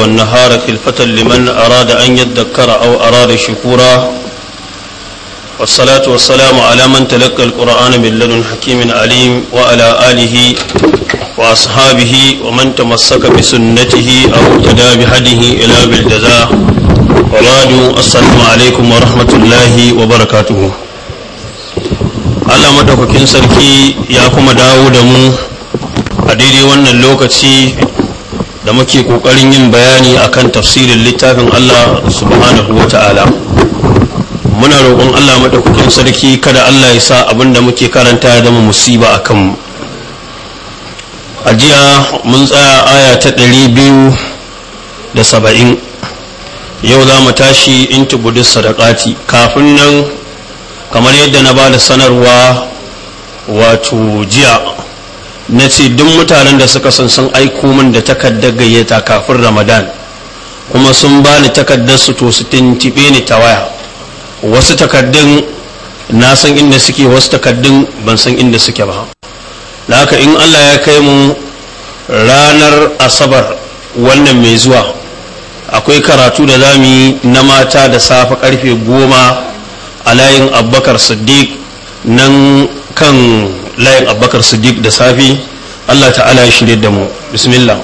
والنهار خلفة لمن أراد أن يذكر أو أراد شكورا والصلاة والسلام على من تلقى القرآن من لدن حكيم عليم وعلى آله وأصحابه ومن تمسك بسنته أو اهتدى بهديه إلى بالجزاء وبعد السلام عليكم ورحمة الله وبركاته Allah madaukakin sarki ya kuma dawo da mu a daidai wannan lokaci da muke kokarin yin bayani akan tafsirin littafin Allah subhanahu wa ta'ala muna roƙon Allah maɗaukakin sarki kada Allah ya sa abun da muke karanta ya zama musiba a kanmu a jiya mun tsaya aya ta ɗari biyu da saba'in yau za mu tashi in tubudu sadakati kafin nan kamar yadda na ba da sanarwa wato jiya na ce duk mutanen da suka san sun aiko min da takardar gayyata kafin ramadan kuma sun ba ni takardar su to su tintibe ni ta waya wasu takardun na san inda suke wasu takardun ban san inda suke ba da haka in allah ya kai mu ranar asabar wannan mai zuwa akwai karatu da zamu yi na mata da safe karfe goma a layin abubakar siddiq nan kan layin abubakar siddiq da safi allah ta'ala ya shirya da mu bismillah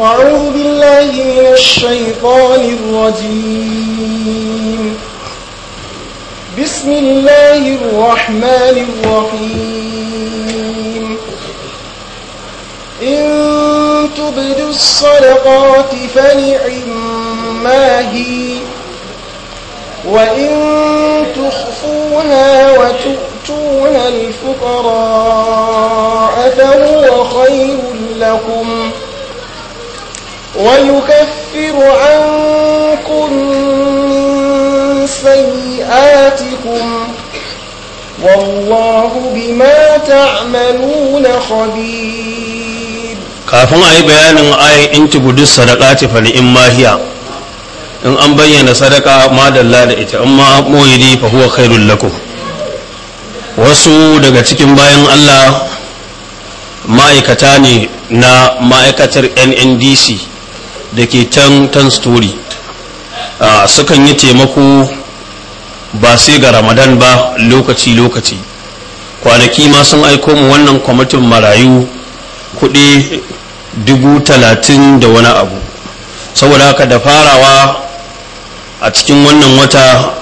أعوذ بالله من الشيطان الرجيم بسم الله الرحمن الرحيم إن تبدوا الصدقات فنعما هي وإن تخفوها وتؤمنوا تؤتون الفقراء فهو خير لكم ويكفر عنكم من سيئاتكم والله بما تعملون خبير kafin a yi bayanin ayin in tubudu sadaka ce fali in mahiya in an bayyana sadaka madalla da ita in ma moyi fa wasu daga cikin bayan allah ma'aikata ne na ma'aikatar nndc da ke can tan story sukan yi taimako ba sai ga ramadan ba lokaci-lokaci kwanaki ma sun aiko mu wannan kwamitin marayu kuɗi dubu talatin da wani abu saboda haka da farawa a cikin wannan wata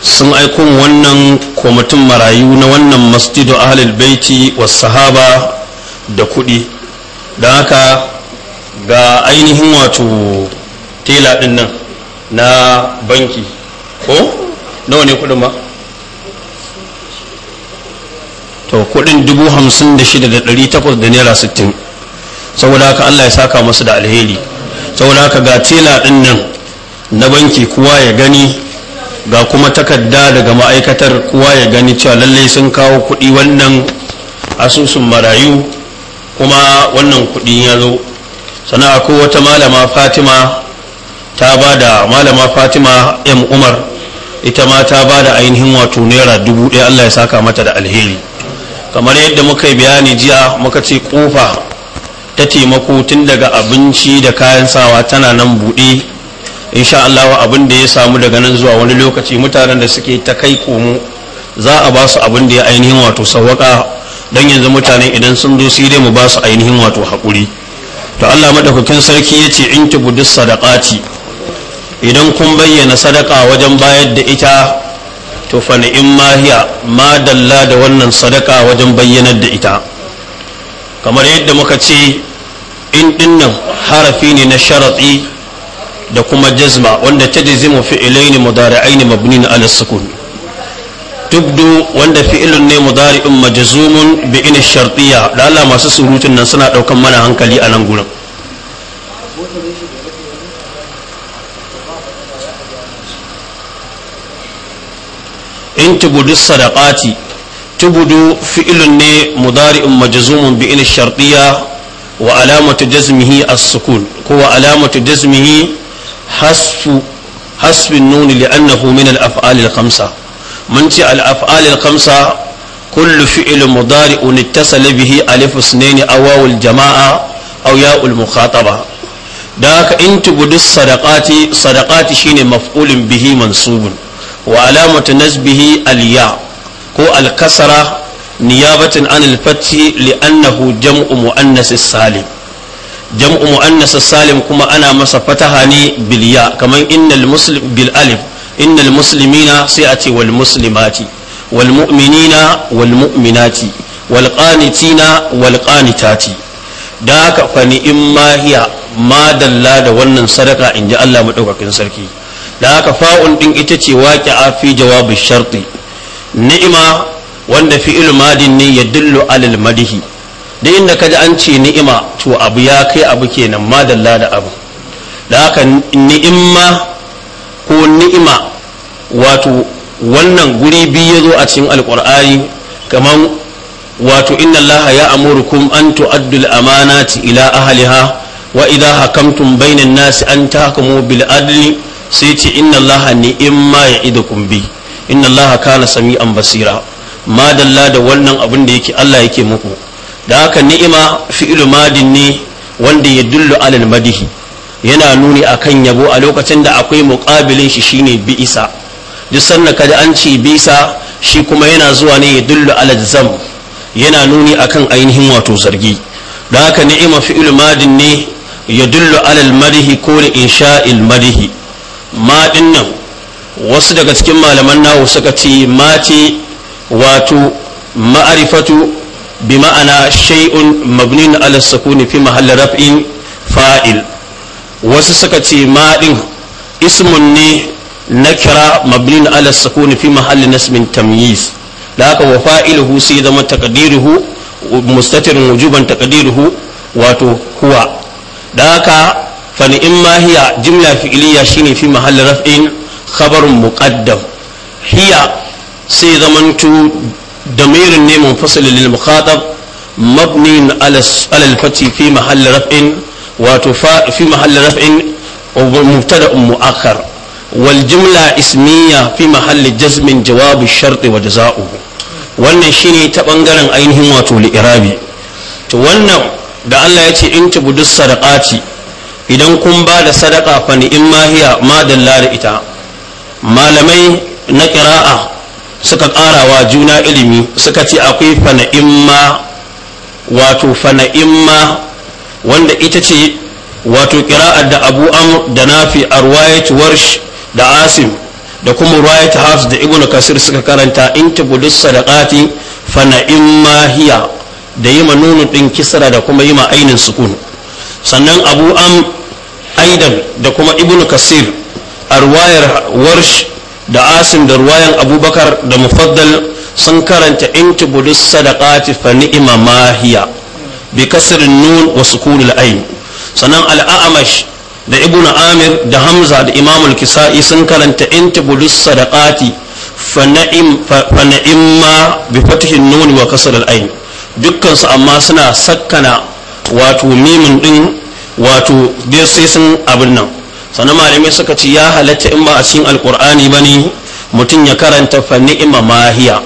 sun aiko wannan kwamitin marayu na wannan masjidu ahalil baiti wa sahaba da kuɗi don haka ga ainihin wato tela ɗin nan na banki ko nawa ne kuɗin ba to kuɗin dubu hamsin da shida da ɗari takwas da naira sittin saboda haka allah ya saka masu da alheri saboda haka ga tela ɗin nan na banki kowa ya gani ga kuma takarda daga ma'aikatar kowa ya gani cewa lallai sun kawo kuɗi wannan asusun marayu kuma wannan kuɗi ya zo sana ko wata malama fatima ta ba da malama fatima m umar ita ma ta ba da ainihin wato naira dubu ɗaya allah ya saka mata da alheri kamar yadda muka yi bayani jiya muka ce kofa ta taimako tun daga abinci da kayan sawa tana nan buɗe insha Allah abin da ya samu daga nan zuwa wani lokaci mutanen da suke ta kai komo za a ba su abin da ya ainihin wato sauwaka don yanzu mutane idan sun zo sai dai mu ba su ainihin wato haƙuri. to Allah madaukakin sarki ya ce in tubudus sadaqati idan kun bayyana sadaka wajen bayar da ita to fa in mahiya ma dalla da wannan sadaka wajen bayyanar da ita kamar yadda muka ce in dinnan harafi ne na sharatsi da kuma jazma wanda ta jazimu fi'ilaini mudari'aini na ala duk tubdu wanda fi'ilun ne mudari'un majzumun bi ina shartiya da Allah masu surutun nan suna daukan mana hankali a nan gurin in tubudu sadaqati tubudu fi'ilun ne mudari'un majzumun bi ina shartiya wa alamatu jazmihi as-sukun ko alamatu jazmihi hasfu hasbin nuni li'annahu min al-af'al al-khamsa mun ce al-af'al al-khamsa kullu fi'l mudari'un ittasala bihi alif isnaini aw wawul jama'a aw ya'ul mukhataba da haka in tubudu sadaqati sadaqati shine maf'ulun bihi mansubun wa alamatu nasbihi al-ya ko al-kasra niyabatan an al-fathi li'annahu jam'u muannas salim jam'u muannas salim kuma ana masa fataha ne bilya kamar innal muslim bil alif innal muslimina sai a ce wal muslimati wal mu'minina wal mu'minati wal qanitina wal qanitati da haka fa ni'imma hiya ma dalla da wannan sadaka in ji Allah madaukakin sarki da haka fa'un din ita ce a fi jawabi sharti ni'ima wanda fi madin ne ya dillu alal madihi da inda ji an ce ni'ima to abu ya kai abu kenan madalla da abu da haka ni'imma ko ni'ima wato wannan guri biyu ya zo a cikin alkur'ani kamar wato inna allaha ya amurukum an tu'addul amanati ila ahliha wa idha hakamtum bainan nasi an tahkumu bil adli sai ce inna allaha ni'imma ya'idukum bi inna allaha kana sami'an basira madalla da wannan abin da yake Allah yake muku da haka ni'ima fi'il madin ne wanda ya dullu alal madihi yana nuni akan yabo a lokacin da akwai mukabilin shi shine bi'isa duk sannan kada an ce bisa shi kuma yana zuwa ne ya dullu alal zam yana nuni akan ainihin wato zargi da haka ni'ima fi'il madin ne ya dullu alal madihi ko da insha'il madihi madin nan wasu daga cikin malaman nawo suka ce mati wato ma'arifatu بمعنى شيء مبني على السكون في محل رفع فاعل وسسكتي ما اسم نكرة مبني على السكون في محل نسب تمييز لك وفاعله سيدما تقديره مستتر وجوبا تقديره واتو هو لك فإما هي جملة فعلية شيني في محل رفع خبر مقدم هي سيدما تقديره ضمير ني منفصل للمخاطب مبني على الفتح في محل رفع وتفاء في محل رفع ومبتدا مؤخر والجملة اسمية في محل جزم جواب الشرط وجزاؤه wannan shine ta bangaren ainihin wato li'irabi to wannan da Allah ya ce in duk sadakaci idan kun ba da sadaka fa in mahiya ma dalla da ita malamai na qira'a suka ƙarawa juna ilimi suka ce akwai fana'imma wato fana'imma wanda ita ce wato ƙira'ar da abu am da nafi a warsh da asim da kuma ruwayat hafs da ibn kasir suka karanta in tubudus sadaqati fana'imma hiya da yima nunu din kisra da kuma yima ainin sukun sannan abu am aidan da kuma ibn kasir a ruwayar warsh da asim da ruwayan abubakar da mufaddal sun karanta in tubudus sadaqati fa ni'ma bi kasrin nun wa sukunil ayn sanan al-a'mash da ibnu amir da hamza da imam al-kisa'i sun karanta in tubudus sadaqati fa na'im fa na'imma bi fathin nun wa kasril ayn dukkan su amma suna sakkana wato mimin din wato dai sai sun abin nan sannan malamai suka ce ya halatta in ba a cikin alkur'ani ba ne mutum ya karanta fa ni'ima mahiya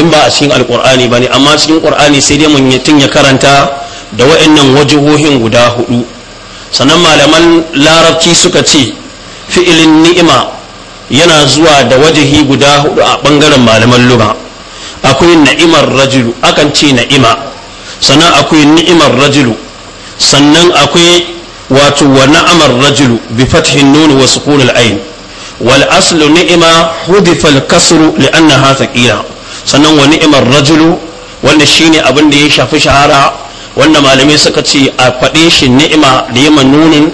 in ba a cikin alkur'ani ba ne amma cikin ƙur'ani sai dai mutum ya karanta da wa'annan wajihohin guda hudu sannan malaman larabci suka ce fi'ilin ni'ima yana zuwa da wajihi guda hudu a bangaren malaman luba akwai na'imar rajulu akan ce na'ima sannan akwai ni'imar rajulu sannan akwai wato wa na'amar rajulu bi fathin nuni wa sukun al wal aslu ni'ma hudifa al-kasru li'annaha thaqila sannan wa ni'imar rajulu wannan shine abin da ya shafi shahara wanda malamai suka ce a faɗe shi ni'ima da yima nunin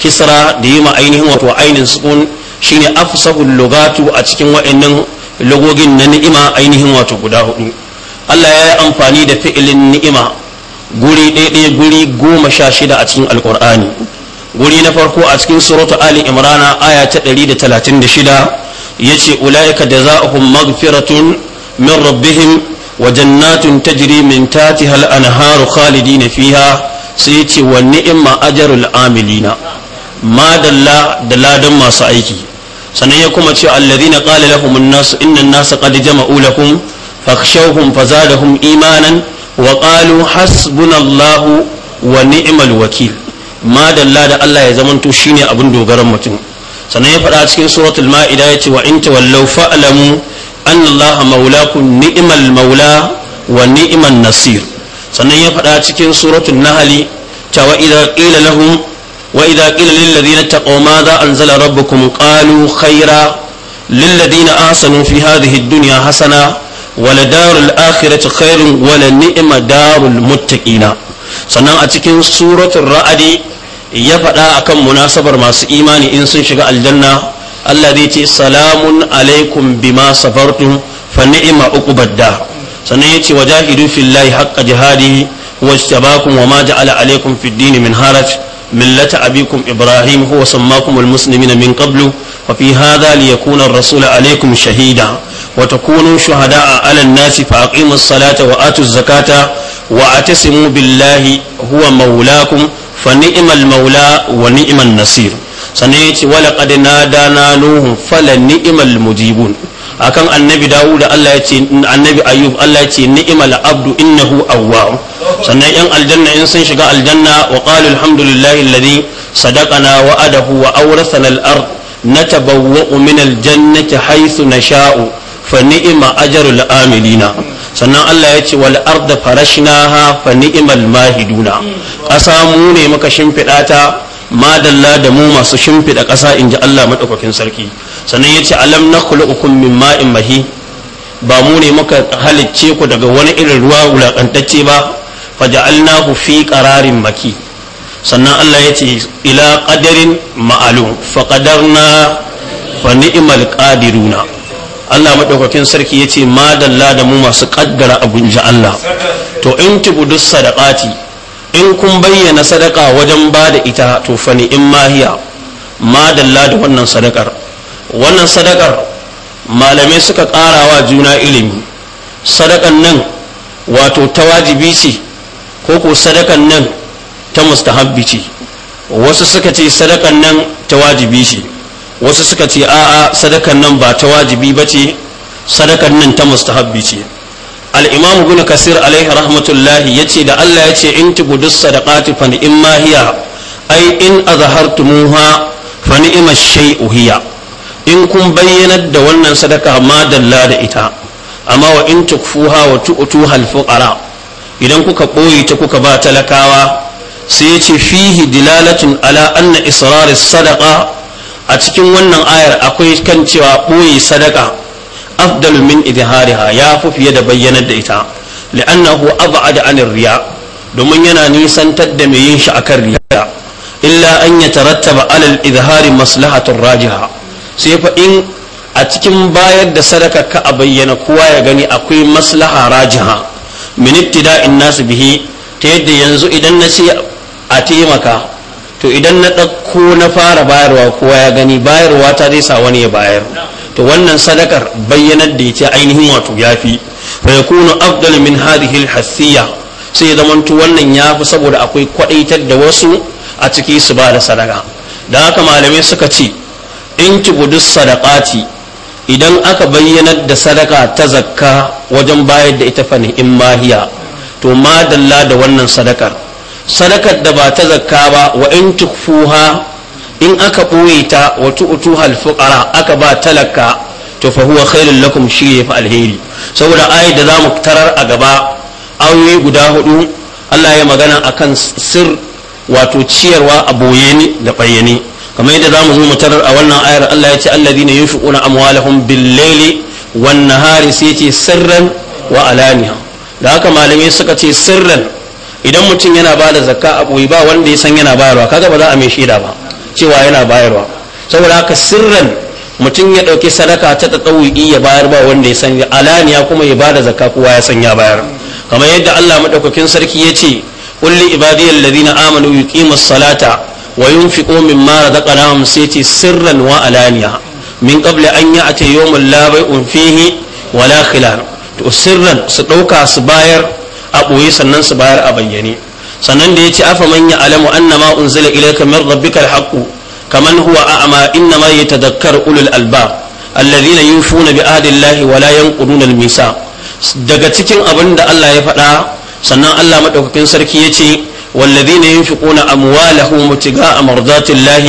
kisra da yima ainihin wato ainin sukun shine afsahul lugatu a cikin wa'annan lugogin na ni'ima ainihin wato guda hudu Allah ya yi amfani da fi'ilin ni'ima guri ɗaiɗai guri goma sha shida a cikin alkur'ani guri na farko a cikin suratu ali imrana aya ta ɗari da talatin da shida ya ce ula'ika da za'ahum magfiratun min rabbihim wa jannatun tajri min tatiha hal anharu na fiha sai ya ce wa ni'ma ajrul amilina madalla da ladan masu aiki sannan ya kuma ce alladhina qala lahum an-nas inna an-nasa qad jama'u lakum fakhshawhum fazadahum imanan wa hasbunallahu wa ni'mal wakil ma da Allah ya zamanto shine abin dogaran mutum sannan ya faɗa cikin suratul ma'ida yace wa in tawallaw fa'lamu anna Allah maulakum ni'mal maula wa ni'man nasir sannan ya faɗa cikin suratul nahli ta wa idza qila lahum wa idza qila lil ladina taqaw ma za anzala rabbukum qalu khaira lil ladina ahsanu fi hadhihi ad-dunya hasana wala darul akhirati khairun wala ni'ma darul muttaqina sannan a cikin suratul ra'adi ya faɗa akan munasabar masu imani in sun shiga aljanna Allah zai ce salamun alaikum bima safartum fa ni'ma uqubadda sannan yace wajahidu fillahi haqqa jihadihi wajtabakum wama ja'ala alaikum fid din min haraj millata abikum ibrahim huwa sammakum almuslimina min qablu وفي هذا ليكون الرسول عليكم شهيدا وتكونوا شهداء على الناس فأقيموا الصلاة وآتوا الزكاة واعتصموا بالله هو مولاكم فنئم المولى ونئم النصير سنيت ولقد نادانا نوح فلنئم المجيبون akan annabi dawud Allah ya ce annabi ayyub Allah ya ce ni'mal abdu innahu awwab sannan yan aljanna in sun shiga aljanna wa qalu alhamdulillahi alladhi sadaqana wa adahu wa awrathana al-ard natabawwa'u min aljannati haythu nasha'u fa ni'ma ajrul amilina sannan Allah ya ce wal arda farashnaha fa ni'mal mahiduna ƙasa mu ne muka shimfiɗa ta madalla da mu masu shimfiɗa ƙasa in ji Allah maɗaukakin sarki sannan ya ce alam na ukun min in mahi ba mu ne muka halicce ku daga wani irin ruwa wulaƙantacce ba faja'alnahu fi kararin maki sannan Allah ya ce ila qadarin ma'alum fa na fa ni'mal Allah maɗaukakin sarki ya ce madalla da mu masu ƙaddara a ji Allah to in duk ci in kun bayyana sadaƙa wajen ba da ita to fani in mahiya madalla da wannan sadakar wannan sadakar malamai suka ƙarawa juna ilimi sadakan nan wato ta wajibi ce ko ko sadakan nan ta mustahabbi ce wasu suka ce sadakan nan ta wajibi shi wasu suka ce a'a sadakan nan ba ta wajibi ba ce sadakan nan ta mustahabbi ce al guna kasir alaihi rahmatullahi ya ce da Allah ya ce in tubudus sadaqati fa in mahiya ai in azhartumuha fa ni'ma shay'u in kun bayyanar da wannan sadaka ma dalla da ita amma wa in tukfuha wa tu'tuha al-fuqara idan kuka ɓoye ta kuka ba talakawa sai ya ce fihi dilalatun ala anna israrar sadaka a cikin wannan ayar akwai kan cewa ɓoye sadaka afdalu min idhariha ya fi fiye da bayyanar da ita li'annahu ab'ada anir riya domin yana nisantar da mai yin shi akan riya illa an yatarattaba alal idhari maslahatun rajiha sai fa in a cikin bayar da sadaka ka a bayyana kowa ya gani akwai maslaha rajiha min ibtida'in nasu bihi ta yadda yanzu idan na ce a taimaka to idan na ɗauko na fara bayarwa kowa ya gani bayarwa ta zai sa wani ya bayar to wannan sadakar bayyanar da ita ainihin wato ya fi fa kuna abdul min hadhihi al sai zamanto wannan ya fi saboda akwai kwaɗaitar da wasu a ciki su ba da sadaka da haka malamai suka ce in ki kibudus sadakaci idan aka bayyanar da sadaka ta zakka wajen bayar da ita fa mahiya to madalla da wannan sadakar sadakar da ba ta zakka ba wa in tukfuha in aka ɓoye ta wa tu'tuha al-fuqara aka ba talaka to fa huwa khairul lakum shi yafi alheri saboda ayat da zamu tarar a gaba ayoyi guda hudu Allah ya magana akan sir wato ciyarwa a boye ne da bayyane kamar yadda zamu zo mu tarar a wannan ayar Allah ya ce alladhina yunfiquna amwalahum bil-laili wan nahari sai ce sirran wa alaniya da haka malamai suka ce sirran idan mutum yana ba da zakka a ɓoye ba wanda ya san yana bayarwa kaga ba za a mai shaida ba cewa yana bayarwa saboda haka sirran mutum ya ɗauki sadaka ta ɗaɗɗauki ya bayar ba wanda ya san alaniya kuma ya ba da zakka kowa ya san ya bayar kamar yadda Allah maɗaukakin sarki ya ce kulli ibadiyar ladina amanu yuqimus salata wa yunfiqu mimma razaqnahum sayati sirran wa alaniya min qabli an ya'ti yawmin la bai'un fihi wala khilal to sirran su ɗauka su bayar a ɓoye sannan su bayar a bayyane sannan da ya ce afa manya alamu annama unzila ilayka min rabbikal haqqu kaman huwa a'ma innama yatadhakkaru ulul albab alladhina yufuna bi ahdillahi wa la yanquduna al-misa daga cikin abin da Allah ya faɗa sannan Allah madaukakin sarki ya ce والذين ينفقون أموالهم ابتغاء مرضات الله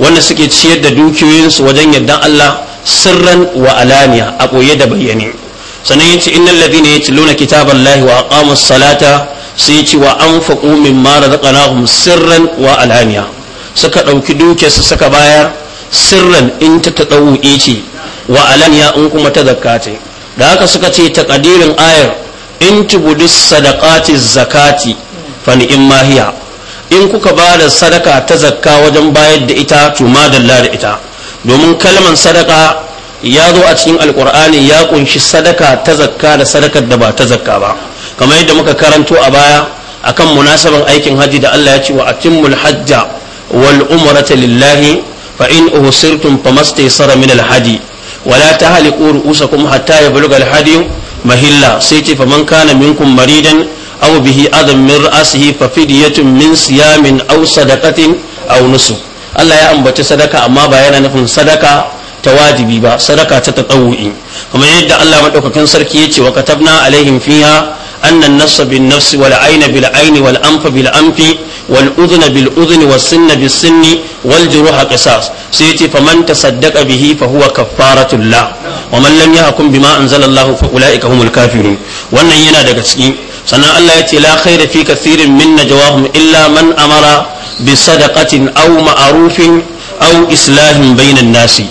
wanda suke ciyar da dukiyoyinsu wajen yardan Allah sirran wa alaniya a ɓoye da bayyane sannan yace innal ladina yatluna kitaballahi wa aqamus salata sai yace wa anfaqu mimma razaqnahum sirran wa alaniya suka dauki dukiyar su suka bayar sirran in ta tadawu ce wa alaniya in kuma ta zakate da haka suka ce taqdirin ayar in tubudus sadaqati zakati fa ni'ma hiya in kuka ba da sadaka ta zakka wajen bayar da ita to madalla da ita domin kalman sadaka ya zo a cikin alkur'ani ya kunshi sadaka ta zakka da sadakar da ba ta zakka ba kamar yadda muka karanto a baya akan munasaban aikin haji da Allah ya ce wa atimmul hajja wal umrata lillahi fa in uhsirtum famastaysara min al hadi ولا تهلكوا رؤوسكم حتى يبلغ الهدي مهلا سيتي فمن كان منكم مريدا أو به أذى من رأسه ففدية من صيام أو صدقة أو نسك Allah ya ambaci sadaka amma ba yana nufin sadaka ta wajibi ba sadaka ta tatawu'i kuma yadda Allah madaukakin sarki ya ce wa katabna alaihim fiha anna an-nafsa bin-nafsi wal 'ayna bil-'ayni wal anfa bil-anfi wal udhna bil-udhni was sinna bis-sinni wal juruha qisas sai yace faman tasaddaqa bihi fa huwa kaffaratul la wa man lam yahkum bima anzalallahu fa ulaika humul kafirun wannan yana daga ciki sannan Allah ce la khayra fi kathirin min najwahum illa man amara bi sadaqatin aw ma'rufin aw islahin bainan nasi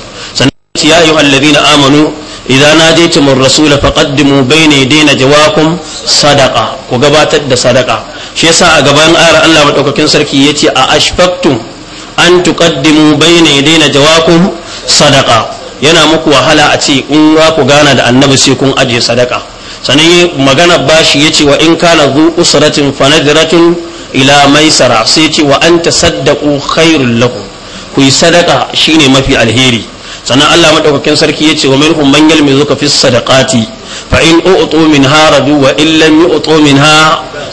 يا أيها الذين آمنوا إذا ناديتم الرسول فقدموا بين يدينا جواكم صدقة وقباتت دا صدقة شيء ساعة قبان آر الله متوككين سركي يتي أأشفقتم أن تقدموا بين يدينا جواكم صدقة yana muku wahala a ce in za ku gana da annabi sai kun ajiye sadaka sanan magana bashi yace wa in kana zu usratin fanadratun ila maisara sai ce wa anta saddaqu khairul yi sadaka shine mafi alheri sannan Allah madaukakin sarki ya ce wa minhum man yalmizuka fi sadaqati fa in u'tu ha radu wa in ha idan minha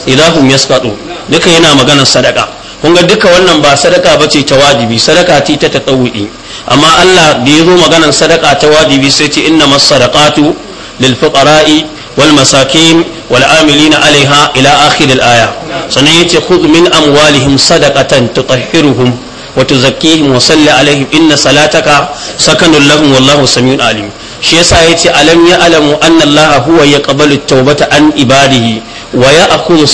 idahum yasqatu duka yana maganar sadaka kun ga duka wannan ba sadaka bace ta wajibi sadaka ce ta tatawu'i amma Allah da yazo maganar sadaka ta wajibi sai ce innamas sadaqatu lil fuqara'i wal masakin wal amilina alaiha ila akhir al aya sannan yace khudh min amwalihim sadaqatan tutahhiruhum وتزكيهم وصلي عليهم إن صلاتك سكن لهم والله سميع عليم shi yasa ya ce alam ya alamu anna Allah huwa ya qabalu taubata an ibadihi wa ya akulu wa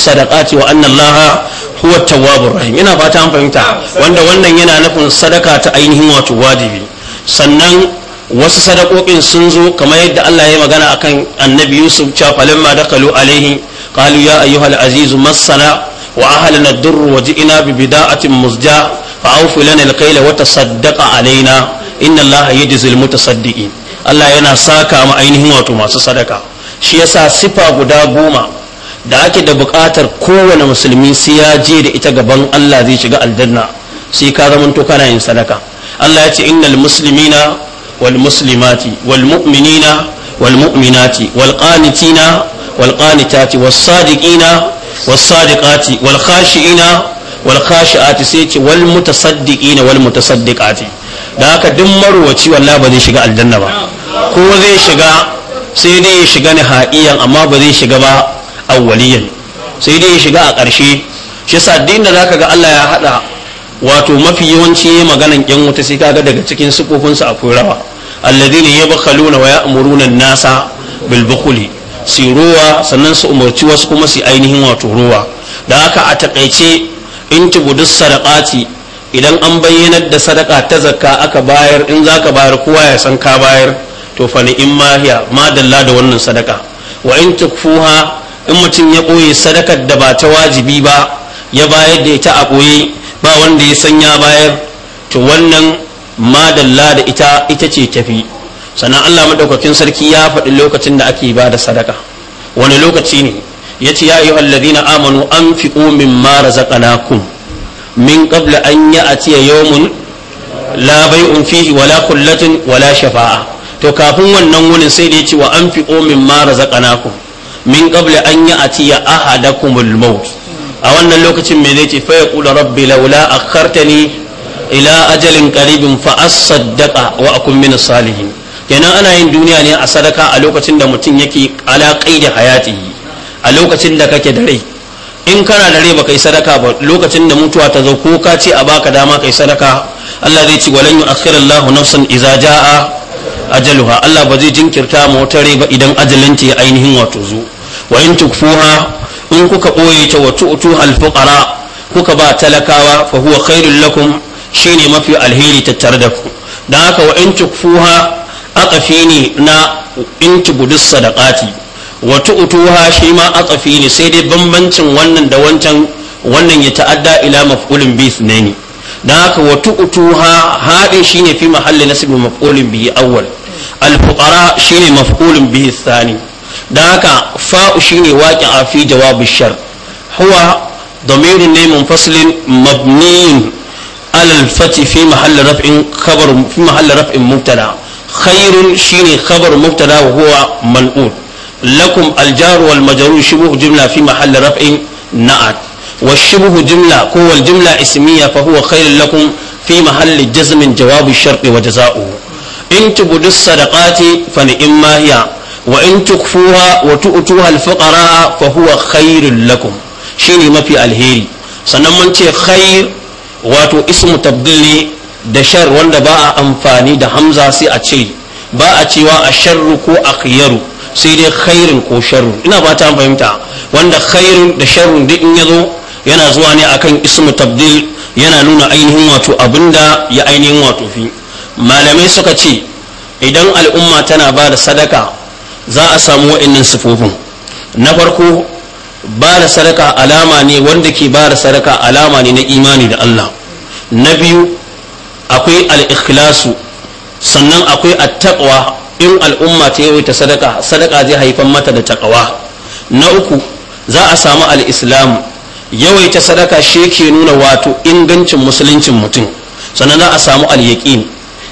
ina fata an fahimta wanda wannan yana nufin sadaka ta ainihin wato wajibi sannan wasu sadakokin sun zo kamar yadda Allah ya magana akan annabi Yusuf cewa falamma dakalu alaihi qalu ya ayyuhal azizu massana wa ahlana ad-durr wa ji'na bi bida'atin muzja fa'aufu lana alqaila wata tasaddaqa alaina inna allaha yajzil mutasaddiqin Allah yana saka mu ainihin wato masu sadaka shi yasa sifa guda goma da ake da buƙatar kowane musulmi sai ya je da ita gaban Allah zai shiga aljanna sai ka to kana yin sadaka Allah ya ce innal muslimina wal muslimati wal mu'minina wal mu'minati wal qanitina wal qanitati was sadiqina was sadiqati wal khashiina wal ati sai ce wal na wal mutasaddiqati da haka duk marwaci wallahi ba zai shiga aljanna ba ko zai shiga sai dai ya shiga ni ha'iyan amma ba zai shiga ba awwaliyan sai dai ya shiga a ƙarshe shi yasa din da zaka ga Allah ya hada wato mafi yawanci maganan yan wuta sai kaga daga cikin sukofinsu akwai rawa alladhina yabkhaluna wa ya'muruna an-nasa bil bukhli su ruwa sannan su umarci wasu kuma su ainihin wato ruwa da haka a takaice in tubudu sadaqati idan an bayyanar da sadaka ta zakka aka bayar in zaka bayar kowa ya san ka bayar to fa ni in mahiya madalla da wannan sadaka wa in tukfuha in mutum ya ɓoye sadakar da ba ta wajibi ba ya bayar da ita a ɓoye ba wanda ya san ya bayar to wannan madalla da ita ita ce tafi sannan allah madaukakin sarki ya faɗi lokacin da ake ba da sadaka wani lokaci ne ce ya ayyuhal ladina amanu anfiqu mimma razaqnakum min qabla an ya'tiya yawmun labai bay'un fi wala kullatun wala shafa'a to kafin wannan wurin sai da yace wa anfiqu mimma razaqnakum min qabla an ya'tiya ahadakumul maut a wannan lokacin mai zai ce fa yaqulu rabbi laula kartani ila ajalin karibin fa asaddaqa wa akun min salihin kenan ana yin duniya ne a sadaka a lokacin da mutum yake alaƙai da hayati a lokacin da kake da rai in kana da rai baka yi sadaka ba lokacin da mutuwa ta zo ko ka ce a baka dama kai sadaka Allah zai ci walan yu akhirallahu nafsan idza jaa ajaluha Allah ba zai jinkirta mu wata rai ba idan ta ya ainihin wato zo wa in tukfuha in kuka ɓoye ta wa tu'tu al fuqara kuka ba talakawa fa huwa khairul lakum shine mafi alheri tattare da ku dan haka wa in tukfuha aqafi ne na in tubudus sadaqati wa tu'tuha shi ma atsafi ne sai dai bambancin wannan da wancan wannan ya ta'adda ila maf'ulin bi ne dan haka wa tu'tuha haɗe ne fi mahalli nasbi maf'ulin bi awwal al fuqara shine maf'ulin bi thani dan haka fa'u shine waqi'a fi jawab shar huwa ضمير منفصل مبني على الفتح في محل fi خبر rafin محل رفع shi ne شيني خبر مبتدا وهو lakum aljaru wal majaru shubuhu fi mahalli raf'in na'at wa shubuhu jumla ko wal ismiya fa huwa khairul lakum fi mahalli jazmin jawabu sharqi waje jazaa'uhu in tubudu sadaqati fa ni'ma hiya wa in tukfuha wa tu'tuha al fuqara fa huwa khairul lakum shine mafi alheri sannan mun ce wato ismu tabdili da shar wanda ba a amfani da hamza sai a ce ba a cewa a sharru ko a khiyaru sai dai khairin ko sharru ina ba ta fahimta wanda khairin da sharrun duk in ya zo yana zuwa ne akan ismu tabdil yana nuna ainihin wato abinda ya ainihin wato fi malamai suka ce idan al'umma tana ba da sadaka za a samu wa'annan sifofin na farko ba da sadaka alama ne wanda ke ba da sadaka alama ne na imani da Allah na biyu akwai al-ikhlasu sannan akwai attaqwa in al'umma ta yawaita sadaka sadaka zai haifan mata da takawa na uku za a samu al'islamu yawaita sadaka shi ke nuna wato ingancin musuluncin mutum sannan za a samu al'yaƙin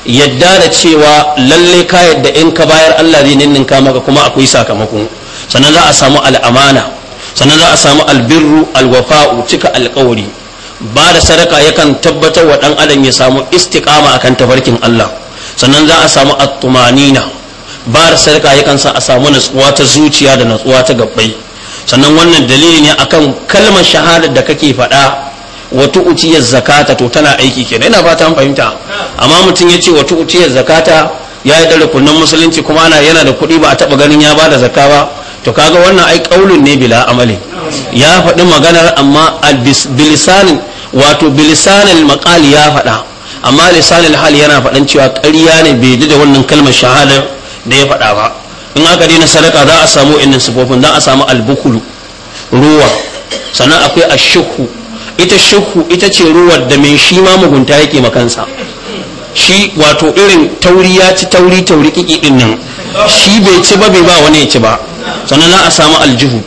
yadda da cewa lalle ka yadda in ka bayar allah zai ninninka maka kuma akwai sakamako sannan za a samu al'amana sannan za a samu albirru alwafa'u cika alkawari ba da sadaka yakan tabbatar wa ɗan adam ya samu istikama akan tafarkin allah sannan za a samu attumanina ba sarka sadaka yakan sa a samu natsuwa ta zuciya da natsuwa ta gabbai sannan wannan dalili ne akan kalmar shahada da kake faɗa wata uciyar zakata to tana aiki kenan ina ba ta fahimta amma mutum ya ce wata uciyar zakata ya yi ɗara kunnen musulunci kuma ana yana da kuɗi ba a taɓa ganin ya bada da zakka ba to kaga wannan ai ƙaunin ne bila amali ya faɗi maganar amma bilisanin wato bilisanin maƙali ya faɗa amma lisanin hal yana faɗan cewa ƙarya ne bai da wannan kalmar shahadar da ya faɗa ba in aka daina sadaka za a samu innan sufofin za a samu albukulu ruwa sannan akwai ashukhu ita shukhu ita ce ruwar da mai shi ma mugunta yake makansa shi wato irin tauri ya ci tauri tauri kiki din nan shi bai ci ba bai ba wani ya ci ba sannan za a samu aljihu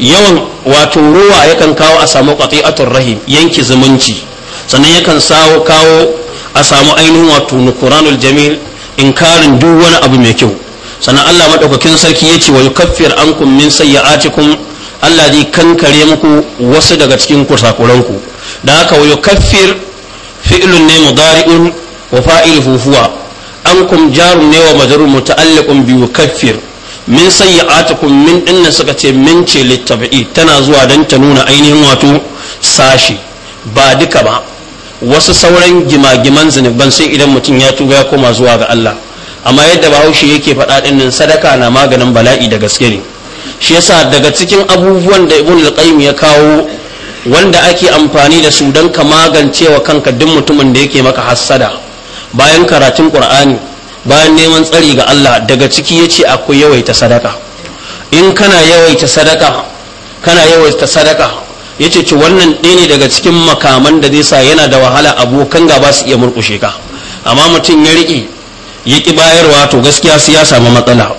yawan wato ruwa yakan kawo a samu qati'atur rahim yanki zumunci sannan yakan kawo a samu ainihin wato nukuranul jamil inkarin duk wani abu mai kyau sannan Allah madaukakin sarki yace wa yukaffir ankum min sayyi'atikum Allah zai kankare muku wasu daga cikin kusakuranku da haka wa yukaffir fi'lun ne mudari'un wa fufuwa huwa ankum jarun ne wa majrur muta'alliqun bi yukaffir min sayyi'atikum min dinnan suka ce min ce littabi'i tana zuwa dan ta nuna ainihin wato sashi ba duka ba wasu sauran gimagiman zunuban sai idan mutum ya tuba ya koma zuwa ga Allah amma yadda bahaushe yake faɗa ɗin nan sadaka na maganin bala'i da gaske ne shi yasa daga cikin abubuwan da ibn al-qayyim ya kawo wanda ake amfani da su dan ka magancewa kanka duk mutumin da yake maka hassada bayan karatun qur'ani bayan neman tsari ga Allah daga ciki yace akwai yawaita sadaka in kana yawaita sadaka kana yawaita sadaka ya ce wannan ɗaya ne daga cikin makaman da zai sa yana da wahala abokan gaba su iya murƙushe ka amma mutum ya riƙe ya ƙi bayarwa to gaskiya su ya samu matsala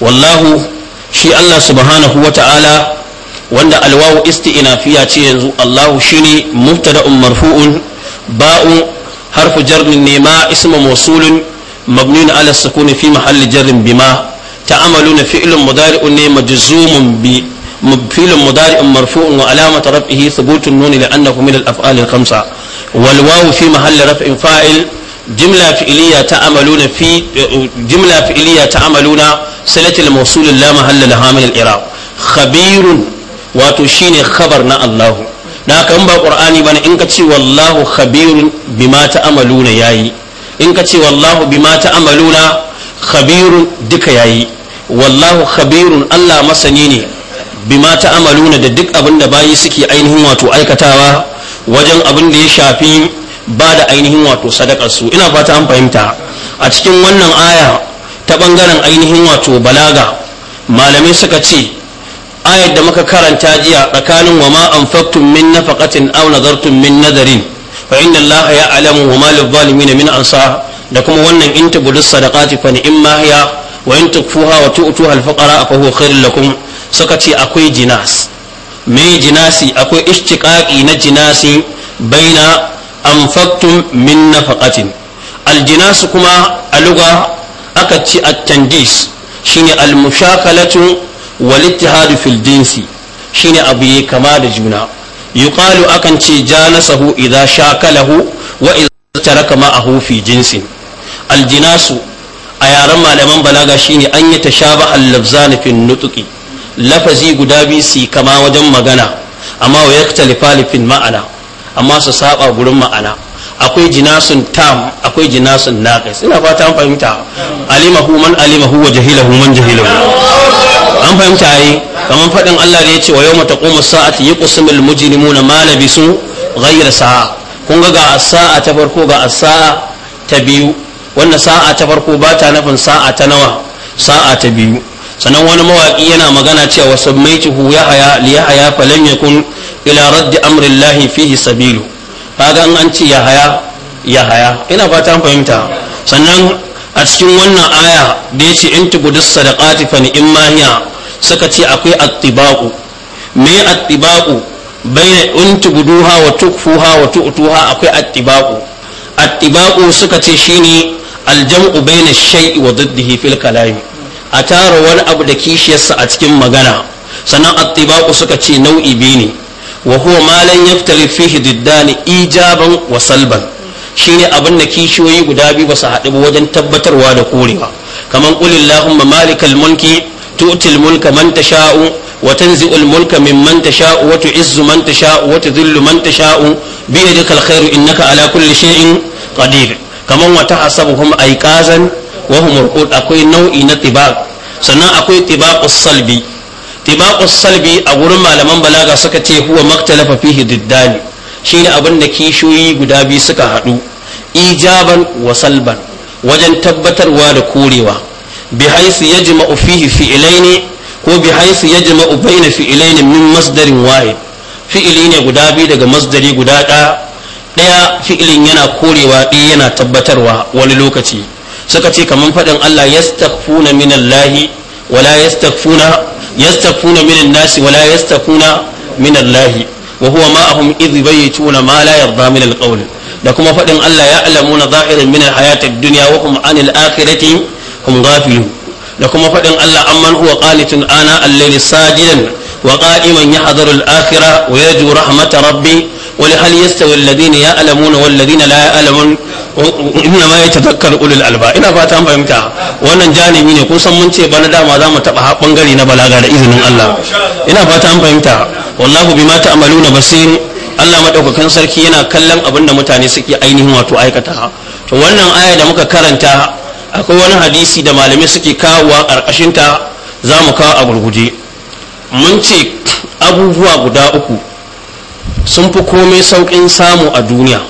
wallahu shi allah subhanahu wa ta'ala wanda alwawu isti'nafiya ce yanzu allahu shine mubtada'un marfu'un ba'u harfu jarrin ne ma ismu mawsulun mabnun ala sukuni fi mahalli jarrin bima na fi'lun mudari'un ne majzumun bi فعل مضارع مرفوع وعلامة رفعه ثبوت النون لأنه من الأفعال الخمسة والواو في محل رفع فاعل جملة فعلية تعملون في جملة فعلية تعملون صلة الموصول لا محل لها من الإعراب خبير وتشين خبرنا الله na ka in ba qur'ani bane in ka ce wallahu khabirun bima ta'maluna yayi in ka ce wallahu bima ta'maluna khabirun duka yayi wallahu khabirun Allah masani ne bima ta amaluna da duk abin da bayi suke ainihin wato aikatawa wajen abin da ya shafi ba da ainihin wato sadakarsu ina fata an fahimta a cikin wannan aya ta bangaren ainihin wato balaga malamai suka ce ayar da muka karanta jiya tsakanin wa ma anfaqtum min nafaqatin aw nadartum min nadarin fa inna ya alamu wa ma lidh-dhalimin min ansa da kuma wannan in tubudus sadaqati fa ni'ma hiya wa in tukfuha wa tu'tuha al-fuqara fa huwa khairul lakum suka ce akwai jinas me jinasi akwai ishtiqaqi na jinasi baina anfaqtum min nafaqatin aljinas kuma a luga aka ci a tandis shine al-mushakalatu wal ittihad jinsi shine abu ya kama da juna yuqalu akan ce janasahu idza shakalahu wa idza taraka ma'ahu hufi jinsin aljinasu a yaren malaman balaga shine an yi tashabaha al-lafzan fi nutuƙi. lafazi guda biyu su kama wajen magana amma wa yaktalifa lifin ma'ana amma su saba gurin ma'ana akwai jinasun tam akwai jinasun naqis ina fata an fahimta alimahu man alimahu wa jahilahu man jahilahu an fahimta yi kamar fadin Allah ya ce wa yawma taqumu sa'ati yuqsimul mujrimuna ma labisu ghayra sa'a kun ga ga sa'a ta farko ga sa'a ta biyu wannan sa'a ta farko ba ta nufin sa'a ta nawa sa'a ta biyu sannan wani mawaki yana magana cewa wasu hu ya haya li ya haya falan ya kun ila raddi amrin fihi sabilu kaga an ce ya haya ya haya ina fata fahimta sannan a cikin wannan aya da ya ce in tubudus sadaqati fa ni'imma hiya suka ce akwai attibaqu me attibaqu bayna in tubuduha wa tukfuha wa tu'tuha akwai attibaqu attibaqu suka ce shine aljam'u bayna shay'i wa diddihi fil kalami a tara wani abu da kishiyarsa a cikin magana sannan attibaku suka ce nau'i biyu ne wa huwa ma yaftali fihi diddani ijaban wa salban shine abin da kishiyoyi guda biyu ba su haɗu ba wajen tabbatarwa da korewa kaman qul allahumma malikal mulki tu'til mulka man tasha'u wa tanzi'ul mulka mimman tasha'u wa tu'izzu man tasha'u wa tudhillu man tasha'u bi yadikal khairu innaka ala kulli shay'in qadir kaman wa tahsabuhum ayqazan wa humurqud akwai nau'i na tibaq sannan akwai tibaqus salbi tibaqus salbi a gurin malaman balaga suka ce huwa maktalafa fihi diddani shine abin da kishiyoyi guda biyu suka haɗu ijaban wa salban wajen tabbatarwa da korewa bi haisu yajma'u fihi fi'ilaini ko bi haisu yajma'u baina fi'ilaini min masdarin wahid fi'ili ne guda biyu daga masdari guda ɗaya ɗaya fi'ilin yana korewa ɗaya yana tabbatarwa wani lokaci suka ce kamar faɗin Allah minan lahi wala yastaghfuna yastaghfuna minan nasi wala yastaghfuna minallahi wa huwa ma'ahum idh yubayyituna ma la yarda min alqawl da kuma faɗin Allah ya'lamuna zahirin min alhayati ad-dunya wa hum 'anil akhirati hum ghafilun da kuma faɗin Allah amman huwa qanitun ana al-layli sajidan wa qa'iman yahdharu al-akhirah wa yarju rahmata rabbi wal hal yastawi alladhina ya'lamuna wal ladina la ya'lamun inna ma alba ina fata an fahimta wannan janibi ne kun san mun ce bana dama zamu taba bangare na balaga da izinin Allah ina fata an fahimta wallahu bima ta'maluna basir Allah madaukakan sarki yana kallon abinda mutane suke ainihin wato aikata to wannan aya da muka karanta akwai wani hadisi da malamai suke kawowa ƙarƙashinta za mu kawo a gurguje mun ce abubuwa guda uku sun fi komai sauƙin samu a duniya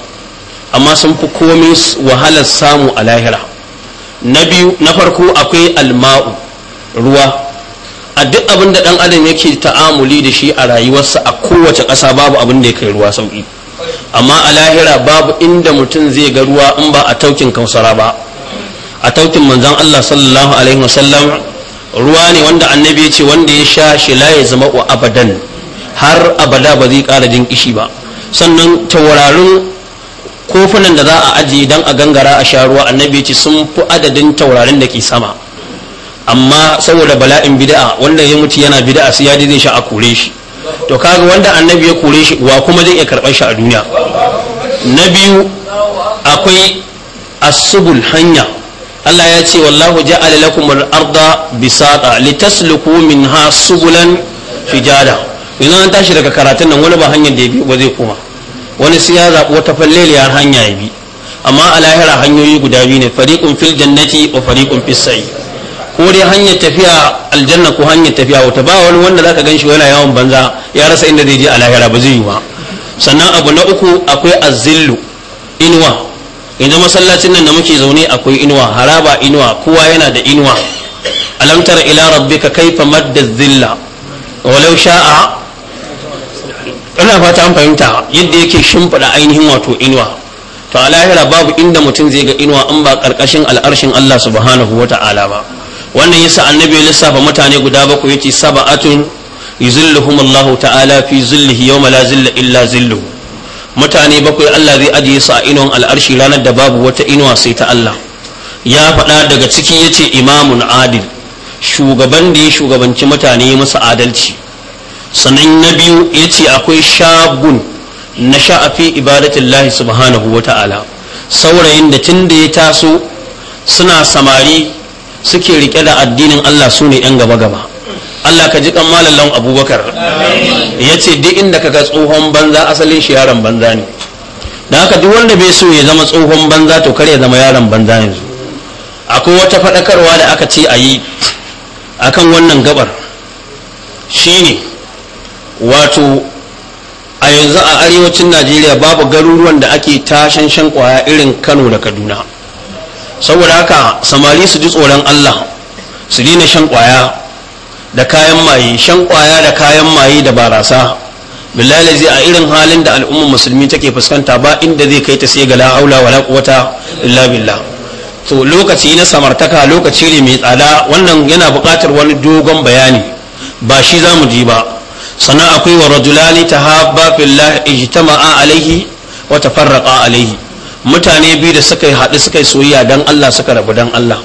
amma sun fi komai wahalar samu a lahira na biyu na farko akwai alma'u ruwa a duk abin da ɗan adam yake ta'amuli da shi a rayuwarsa a kowace ƙasa babu abin da ya kai ruwa sauƙi amma a lahira babu inda mutum zai ga ruwa in ba a taukin kausara ba a taukin manzan Allah sallallahu alaihi wasallam ruwa ne wanda annabi ya ce wanda ya sha shi la ya zama wa abadan har abada ba zai ƙara jin kishi ba sannan taurarin kofunan da za a ajiye don a gangara a sha ruwa annabi ce sun fi adadin taurarin da ke sama amma saboda bala'in bida'a wanda ya mutu yana bida'a sai ya zai sha a kore shi to kaga wanda annabi ya kore shi wa kuma zai iya karɓar shi a duniya na biyu akwai asubul hanya Allah ya ce wallahu ja'ala lakum al-arda bisaqa litasluku minha subulan fijada yanzu an tashi daga karatun nan wani ba hanyar da ya bi ba zai koma wani sai ya zaɓi wata falleliyar hanya ya bi amma a lahira hanyoyi guda biyu ne fariƙun fil jannati wa fariƙun fis ko dai hanyar tafiya aljanna ko hanyar tafiya wata ba wani wanda zaka ganshi yana yawon banza ya rasa inda zai je a lahira ba zai yi ba sannan abu na uku akwai azillu inuwa idan masallacin nan da muke zaune akwai inuwa haraba inuwa kowa yana da inuwa alamtar ila rabbika kaifa madda zilla walau sha'a ina fata an fahimta yadda yake shimfiɗa ainihin wato inuwa to a lahira babu inda mutum zai ga inuwa an ba ƙarƙashin al'arshin Allah subhanahu wa ta'ala ba wannan yasa annabi ya lissafa mutane guda bakwai yace saba'atun yuzilluhum Allah ta'ala fi zillihi yawma la zilla illa zillu mutane bakwai Allah zai ajiye su a inuwan al'arshi ranar da babu wata inuwa sai ta Allah ya faɗa daga ciki yace imamun adil shugaban da ya shugabanci mutane masa adalci sannan na biyu ya ce akwai shagun na sha'afi Lahi subhanahu wa ta'ala saurayin da tun da ya taso suna samari suke rike da addinin Allah su ne 'yan gaba-gaba Allah ka ji kan malallan abubakar ya ce duk inda ka ga tsohon banza asalin shi yaron banza ne da haka duk wanda bai so ya zama tsohon banza to kar ya zama yaron banza yanzu akwai wata faɗakarwa da aka ce a yi akan wannan gabar shine wato a yanzu a arewacin najeriya babu garuruwan da ake tashan shan kwaya irin kano da kaduna saboda haka samari su ji tsoron allah su dina shan kwaya da kayan maye shan kwaya da kayan maye da barasa billahi zai a irin halin da al'ummar musulmi take fuskanta ba inda zai kai ta sai ga la'aula wala quwata illa billah to lokaci na samartaka lokaci ne mai tsada wannan yana buƙatar wani dogon bayani ba shi za mu ji ba sannan akwai wa rajulani tahabba fillah ijtama'a alaihi wa tafarraqa alaihi mutane biyu da suka haɗu suka yi soyayya dan Allah suka rabu dan Allah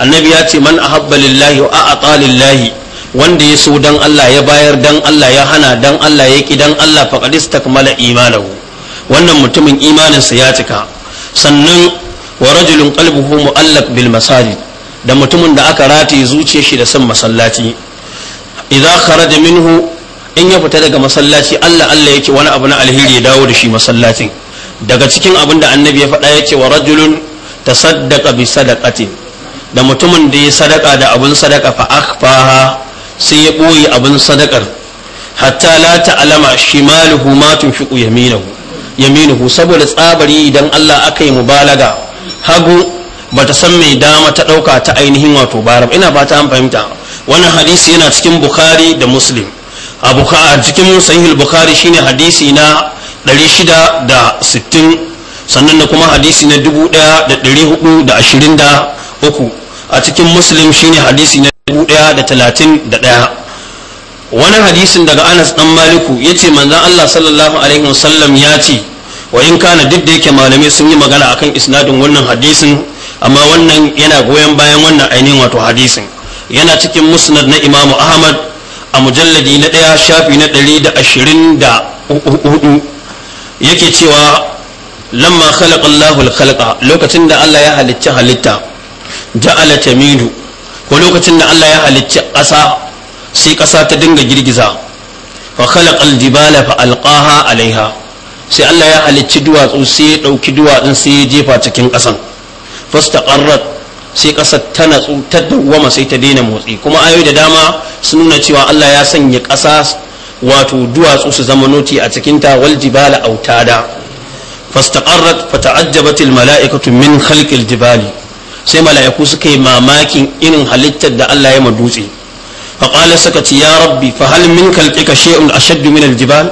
annabi ya ce man ahabba lillahi wa a'ata lillahi wanda ya so dan Allah ya bayar dan Allah ya hana dan Allah ya ki dan Allah faqad istakmala imanahu wannan mutumin imaninsa ya cika sannan wa rajulun qalbuhu mu'allaq bil masajid da mutumin da aka rataye zuciyar shi da son masallaci idza kharaja minhu in ya fita daga masallaci Allah Allah ce wani abu na alheri ya dawo da shi masallacin daga cikin abin da annabi ya faɗa ya ce wa rajulun saddaka bi sadaqatin da mutumin da ya sadaka da abin sadaka fa akhfaha sai ya boye abin sadakar hatta la ta'lama shimaluhu ma tunfiqu yaminuhu yaminuhu saboda tsabari idan Allah aka yi mubalaga hagu bata san mai dama ta dauka ta ainihin wato barab ina ba ta an fahimta wannan hadisi yana cikin bukhari da muslim a cikin sahihul bukhari shine hadisi na 660 sannan da kuma hadisi na 1423 a cikin muslim shine hadisi na 1031 wani hadisin daga anas dan maliku ya ce manzan allah sallallahu alaihi wasallam ya ce wa in kana duk da yake malamai sun yi magana akan isnadin wannan hadisin amma wannan yana goyon bayan wannan ainihin wato hadisin yana cikin musnad na imamu ahmad a mujalladi na ɗaya shafi na ɗari da ashirin da hudu yake cewa lamma khalaqa al-khalqa lokacin da Allah ya halicci halitta ja'ala tamidu ko lokacin da Allah ya halicci ƙasa sai ƙasa ta dinga girgiza fa khalaqa al-jibala fa alqaha alaiha sai Allah ya halicci duwatsu sai ya ɗauki duwatsun sai ya jefa cikin ƙasan fastaqarrat sai ƙasar ta natsu ta dawwama sai ta daina motsi kuma ayoyi da dama sun nuna cewa Allah ya sanya ƙasa wato duwatsu su zama noti a cikin ta wal jibala autada fastaqarrat fata'ajjabat al mala'ikatu min khalq al jibali sai mala'iku suka yi mamakin irin halittar da Allah ya ma fa qala suka ya rabbi fa hal min khalqika shay'un ashadd min al jibal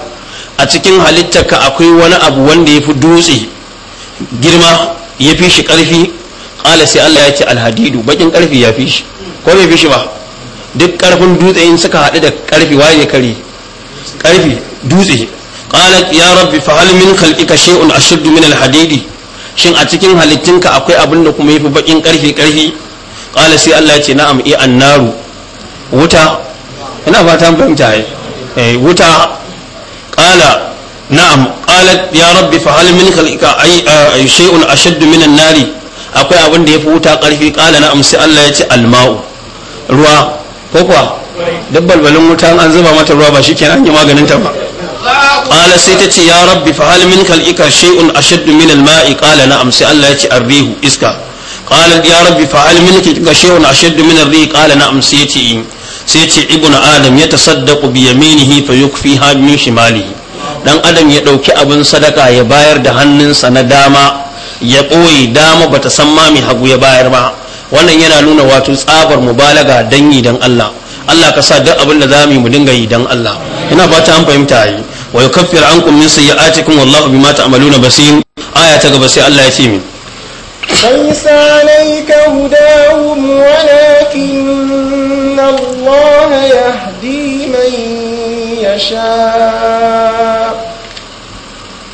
a cikin halittarka akwai wani abu wanda ya fi dutse girma ya fi shi ƙarfi qala sai Allah ya ce alhadidu bakin karfi ya fi shi ko bai fi shi ba duk karfin dutse in suka haɗu da karfi waye kare karfi dutse qala ya rabbi fa hal min khalqika shay'un ashaddu min alhadidi shin a cikin halittinka akwai abin da kuma yafi bakin karfi karfi qala sai Allah ya ce na'am i annaru wuta ina fatan fahimta ai eh, wuta qala na'am qalat ya rabbi fa hal min khalqika ay shay'un ashaddu min an-nari akwai abin da ya fi wuta ƙarfi ƙala na amsi Allah ya ce alma'u ruwa ko kuwa dabbalbalin wuta an zuba mata ruwa ba shikenan an yi maganin ta ba ƙala sai ta ce ya rabbi fa hal min kal'ika shay'un ashaddu min al-ma'i ƙala na amsi Allah ya ce arrihu iska ƙala ya rabbi fa hal min kal'ika shay'un ashaddu min ar-rihi ƙala na amsi ya ce in sai ce ibnu adam ya tasaddaqu bi yaminihi fa yukfiha min shimalihi dan adam ya dauki abin sadaka ya bayar da hannunsa na dama ya ɓoye dama bata san ma mai hagu ya bayar ba wannan yana nuna wato tsabar mubalaga danyi dan Allah Allah ka sa duk abin da zamu mu dinga yi dan Allah ina ba ta an fahimta yi wa yukaffir ankum min sayi'atikum wallahu bima ta'maluna basir aya ta gaba sai Allah ya ce min alayka عليك هداهم Allah yahdi man yasha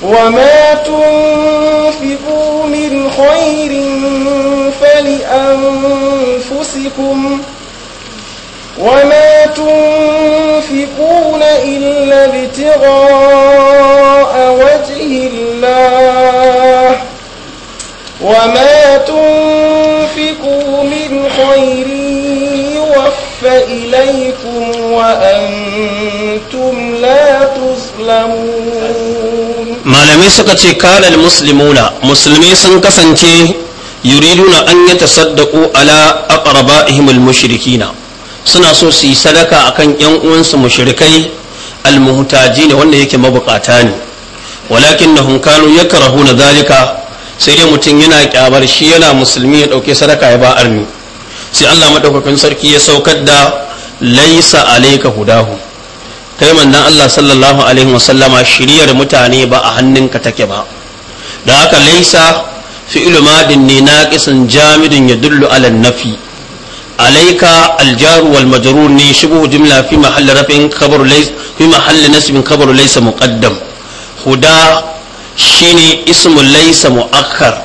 wa ma tun خير فلأنفسكم وما تنفقون إلا ابتغاء وجه الله وما تنفقوا من خير يوفى إليكم وأنتم لا تظلمون malamai suka ce kalal muslimuna musulmi sun kasance yuriduna an yi tasaddaku ala mushiriki mushrikina suna so su yi sadaka kan yan uwansu mushrikai ne wanda yake mabukata ne walakin ya rahu na zalika sai dai mutum yana kyabar shi yana musulmi ya dauke sadaka ya ba arni sai Allah madaukakin sarki ya saukar da laisa alaika hudahu kai manzon Allah sallallahu alaihi wasallama shiriyar mutane ba a hannunka take ba da haka laisa fi'lu madin ne kisan jamidin yadullu alan nafi alaika aljar wal majrur ne shubu jumla fi mahall rafin khabar lays fi mahall nasbin khabar laysa muqaddam huda shine ismu laisa muakkar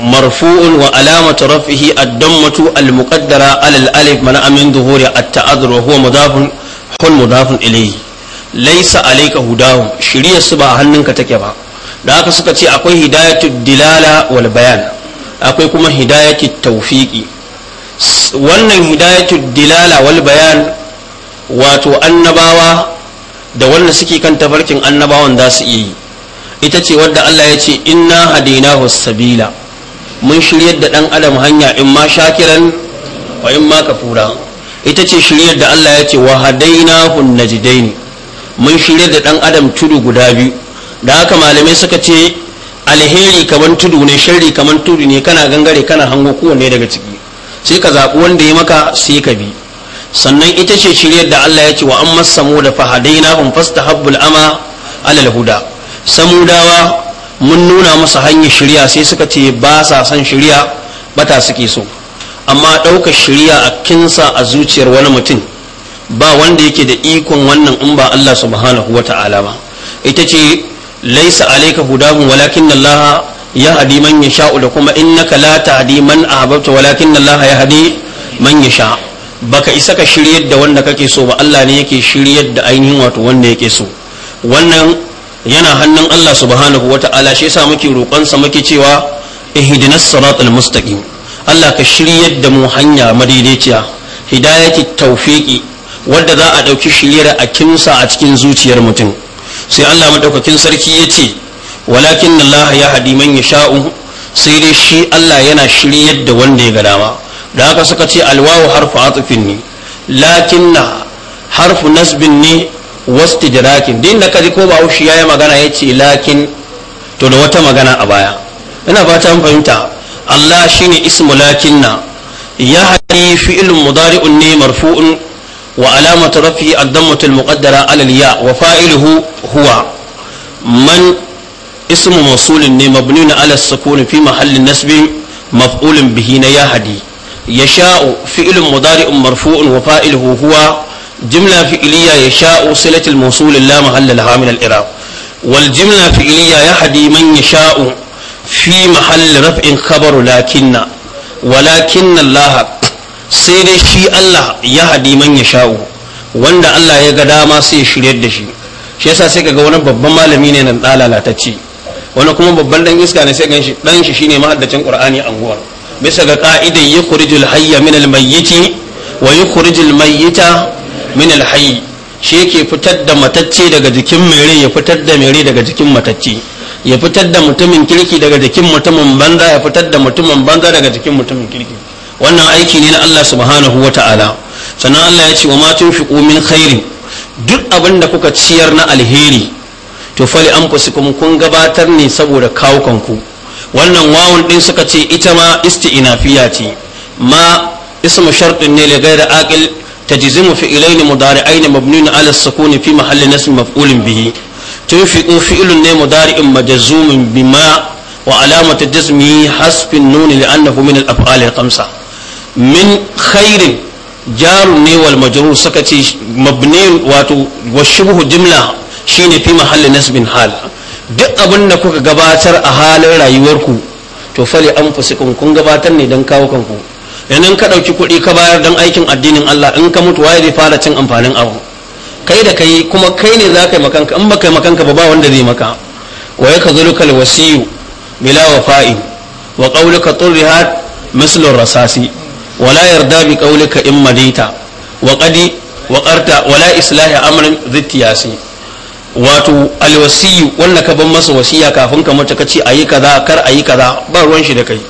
marfu'un wa alamatu rafihi ad-dammatu al-muqaddara ala al-alif mana min dhuhuri at-ta'adhur wa huwa mudafun kun mudafin ilayhi laisa alayka hudahum shiriyar su ba a hannunka take ba da haka suka ce akwai hidayatu dilala wal bayan akwai kuma hidayatu tawfiqi wannan hidayatu dilala wal bayan wato annabawa da wanda suke kan tafarkin annabawan za su yi ita ce wadda Allah ya ce inna hadainahu sabila mun shiryar da dan adam hanya in ma shakiran wa in ma kafura ita ce shiryar da Allah ya ce wa hadaina hun najdaini mun shirya da dan adam tudu guda biyu da haka malamai suka ce alheri kaman tudu ne sharri kaman tudu ne kana gangare kana hango kowanne daga ciki sai ka zaɓi wanda ya maka sai ka bi sannan ita ce shiryar da Allah ya ce wa amma da fa hun fasta habbul ama alal huda samudawa mun nuna masa hanyar shirya sai suka ce ba sa son shirya bata suke so amma ɗaukar shirya a kinsa a zuciyar wani mutum ba wanda yake da ikon wannan in ba Allah subhanahu wata'ala ba ita ce laisa alayka hudahum walakin Allah ya hadi man yasha da kuma innaka la tahdi man ahbabta walakin Allah ya hadi man yasha baka isa ka shiryar da wanda kake so ba Allah ne yake shiryar da ainihin wato wanda yake so wannan yana hannun Allah subhanahu wata'ala shi yasa muke roƙon sa muke cewa ihdinas siratal mustaqim Allah ka shiryar da mu hanya madaidaiciya hidayati tawfiqi wanda za a ɗauki shiryar a kimsa a cikin zuciyar mutum sai Allah madaukakin sarki ya ce walakin Allah ya hadi man yasha'u sai dai shi Allah yana shiryar da wanda ya ga dama da haka suka ce alwawu harfu atufin ne lakinna harfu nasbin ne wasu din da kaji ko ba ya yi magana ya lakin to da wata magana a baya ina fata fahimta Allah shine ismu lakinna ya hadi fi'lun mudari'un ne marfu'un wa alamatu rafi ad-dammatu al alaliya ala wa fa'iluhu huwa man ismu mawsulin ne mabniun ala as-sukun fi mahalli nasbin mafulin bihi na ya hadi يشاء فعل مضارع مرفوع وفائله هو جملة فعلية musulin la الموصول لا محل لها من الإعراب والجملة فعلية man ya sha'u. fi mahalli raf'in kabaru lakinna walakinna Allah sai dai shi Allah ya hadi man ya sha'u wanda Allah ya ga dama sai ya shiryar da shi shi yasa sai kaga wani babban malami ne nan dalalatacce wani kuma babban dan iska ne sai shi dan shi shine mahaddacin Qur'ani anguwar bisa ga ka'idan yukhrijul hayya min al mayyiti wa yukhrijul mayyita min al hayy shi yake fitar da matacce daga jikin mere ya fitar da mere daga jikin matacce ya fitar da mutumin kirki daga jikin mutumin banza ya fitar da mutumin banza daga jikin mutumin kirki wannan aiki ne na Allah subhanahu wa ta'ala sannan Allah ya ce wa ma fi min khairi duk abin da kuka ciyar na alheri to fali kuma kun gabatar ne saboda kawukanku wannan wawun din suka ce ita ma isti'inafiya ce ma ismu shartin ne fi ghairi aqil dari aini مضارعين مبنين على السكون fi محل نسب maf'ulin bihi. tunfiqu fi'lun ne mudari'in majzumin bima wa alamatu jismi hasbin nun li'annahu min al-af'al al-khamsa min khairin jarun ne wal majrur saka ce wato wa shubhu jumla shine fi mahalli nasbin hal duk abin da kuka gabatar a halin rayuwarku to fali an fusikun kun gabatar ne don kawo kanku ka ɗauki kuɗi ka bayar don aikin addinin Allah in ka mutu waye zai fara cin amfanin abu kai da kai kuma kai ne za ka yi makanka in baka yi makanka ba ba wanda zai maka wa ya kazuluka alwasiyu bila wafa'i wa qawluka turrihat mislu rasasi wa la yarda bi qawlika in madita wa qadi wa qarta wa la islahi amrin zittiyasi. wato alwasiyu wanda ka ban masa wasiya kafin ka mutu a ayi kaza kar ayi kaza ba ruwan shi da kai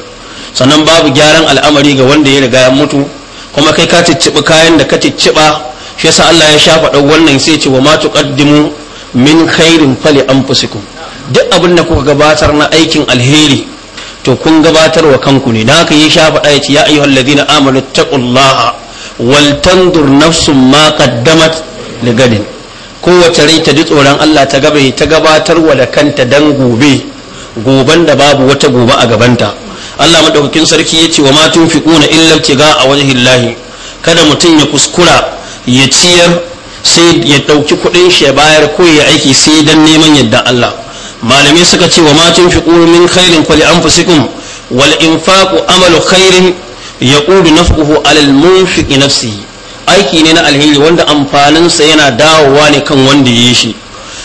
sannan babu gyaran al'amari ga wanda ya riga ya mutu kuma kai ka cicciɓi kayan da ka cicciɓa shi yasa Allah ya shafa dan wannan sai ce wa ma tuqaddimu min khairin fali anfusikum duk abin da kuka gabatar na aikin alheri to kun gabatar wa kanku ne da haka ya shafa ya ce ya ayyuhal ladina amanu taqullaha wal tandur nafsum ma qaddamat ligadin kowace rai ta ji tsoron Allah ta gaba ta gabatar wa da kanta dan gobe goban da babu wata gobe a gabanta Allah madaukakin sarki ya ce wa ma tunfiquna illa tiga a wajhillahi kada mutum ya kuskura ya ciyar sai ya ɗauki kuɗin shi ya bayar ko ya aiki sai dan neman yadda Allah malamai suka ce wa matan fi min khairin kwali an fusikun wal infaku amalu khairin ya ƙudu fuhu alal munfiqi nafsihi aiki ne na alheri wanda amfaninsa yana dawowa ne kan wanda ya yi shi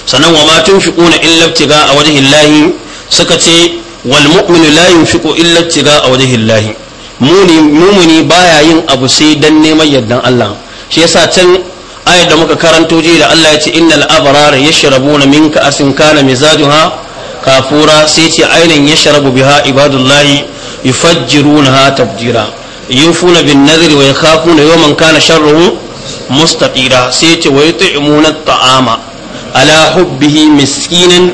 sannan wa matin fi ƙuna illa tiga a wajen hillahi suka ce wal mu'minu la yunfiqu illa tiga a wajen hillahi mumuni baya yin abu sai dan neman yardan Allah shi yasa can ayar da muka karanto jiya da Allah ya ce innal abrara yashrabuna min ka'asin kana mizajuha kafura sai ce ainin yashrabu biha ibadullahi yufajjirunaha tabjira yufuna bin nadri wa yakhafuna yawman kana sharruhu mustaqira sai ce wa yut'imuna at'ama ala hubbihi miskinan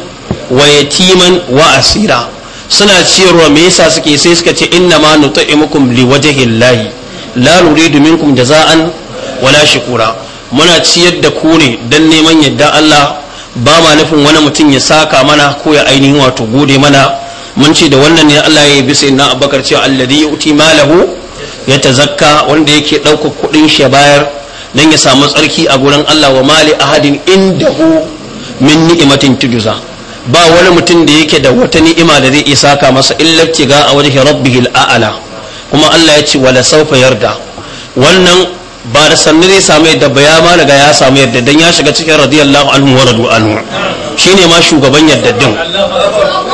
wa yatiman wa asira suna ciyarwa me yasa suke sai suka ce inna ma nut'imukum liwajhillahi la nuridu minkum jaza'an wala shukura muna ciyar da ku ne dan neman yadda Allah ba ma nufin wani mutum ya saka mana ko ya ainihin wato gode mana mun ce da wannan ne Allah ya bi sai na Abubakar cewa alladhi yuti malahu ya tazakka wanda yake ɗauka kuɗin shi bayar dan ya samu tsarki a gurin Allah wa mali ahadin indahu min ni'matin tujza ba wani mutum da yake da wata ni'ima da zai iya saka masa illa ga a wajhi rabbihil a'ala kuma Allah ya ce wala sawfa yarda wannan ba da sannu zai samu yadda ba ma daga ya samu yadda dan ya shiga cikin radiyallahu anhu wa radu anhu shine ma shugaban yaddaddin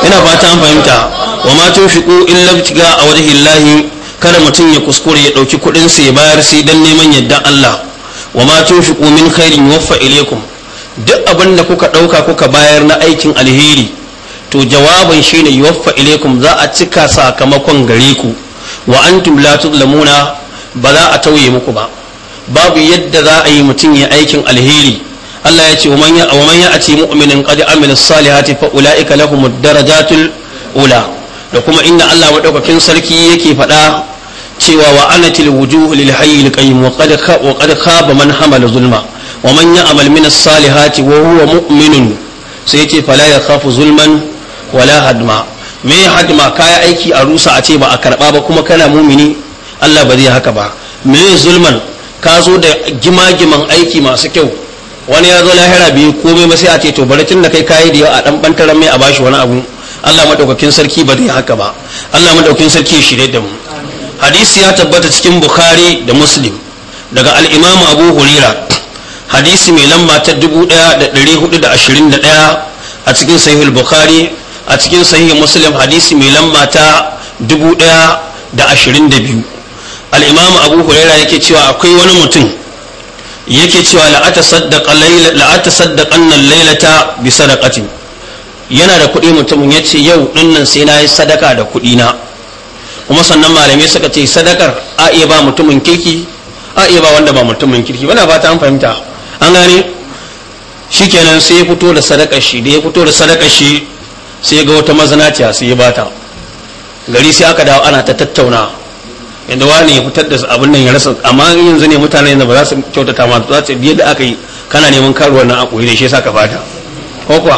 ina fata an fahimta wa ma tunfiqu illa ibtiga a wajhi hillahi kada mutum ya kuskure ya dauki kudin sa ya bayar sai dan neman yadda Allah wa ma tunfiqu min khairin yuwaffa ilaykum duk abin da kuka dauka kuka bayar na aikin alheri to jawabin shine yuwaffa ilaykum za a cika sakamakon gare ku wa antum la tuzlamuna ba za a tauye muku ba babu yadda za a yi mutum ya aikin alheri Allah ya ce wa man ya ati mu'minin qad amila salihati fa ulaika lahum darajatul ula da kuma inda Allah madaukakin sarki yake faɗa cewa wa anatil wujuh lil hayyil qayyim wa qad wa qad khaba man hamala zulma wa man ya'mal min salihati wa huwa mu'minun sai yace fala zulman wala hadma me hadma kaya aiki a rusa a ce ba a karba ba kuma kana mumini Allah ba zai haka ba me zulman ka zo da gimagiman aiki masu kyau wani ya zo lahira biyu komai mai sai a ce to bari tun da kai kayi da yau a dan taron mai a bashi wani abu Allah maɗaukakin sarki ba zai haka ba Allah maɗaukakin sarki ya shirya da mu hadisi ya tabbata cikin bukhari da muslim daga al'imamu abu hurira hadisi mai lamba ta 1421 a cikin sahih bukhari a cikin sahih muslim hadisi mai lamba ta 1022 al'imamu abu huraira yake cewa akwai wani mutum yake cewa la'ata saddaƙan nan lailata bi sadaqatin yana da kuɗi mutumin ya ce yau ɗinnan sai na yi sadaka da kuɗi na kuma sannan malamai suka ce sadakar a iya ba mutumin kirki a iya ba wanda ba mutumin kirki wanda ba ta an fahimta an gane shikenan sai ya fito da sadakar shi da ya fito da sadakar shi sai ga wata mazanaciya sai ya bata gari sai aka dawo ana ta tattauna yadda wani ya fitar da abin nan ya rasa amma yanzu ne mutane da ba za su kyautata ma za su da aka yi kana neman karuwar nan a koyi da shi sa ka fata ko kuwa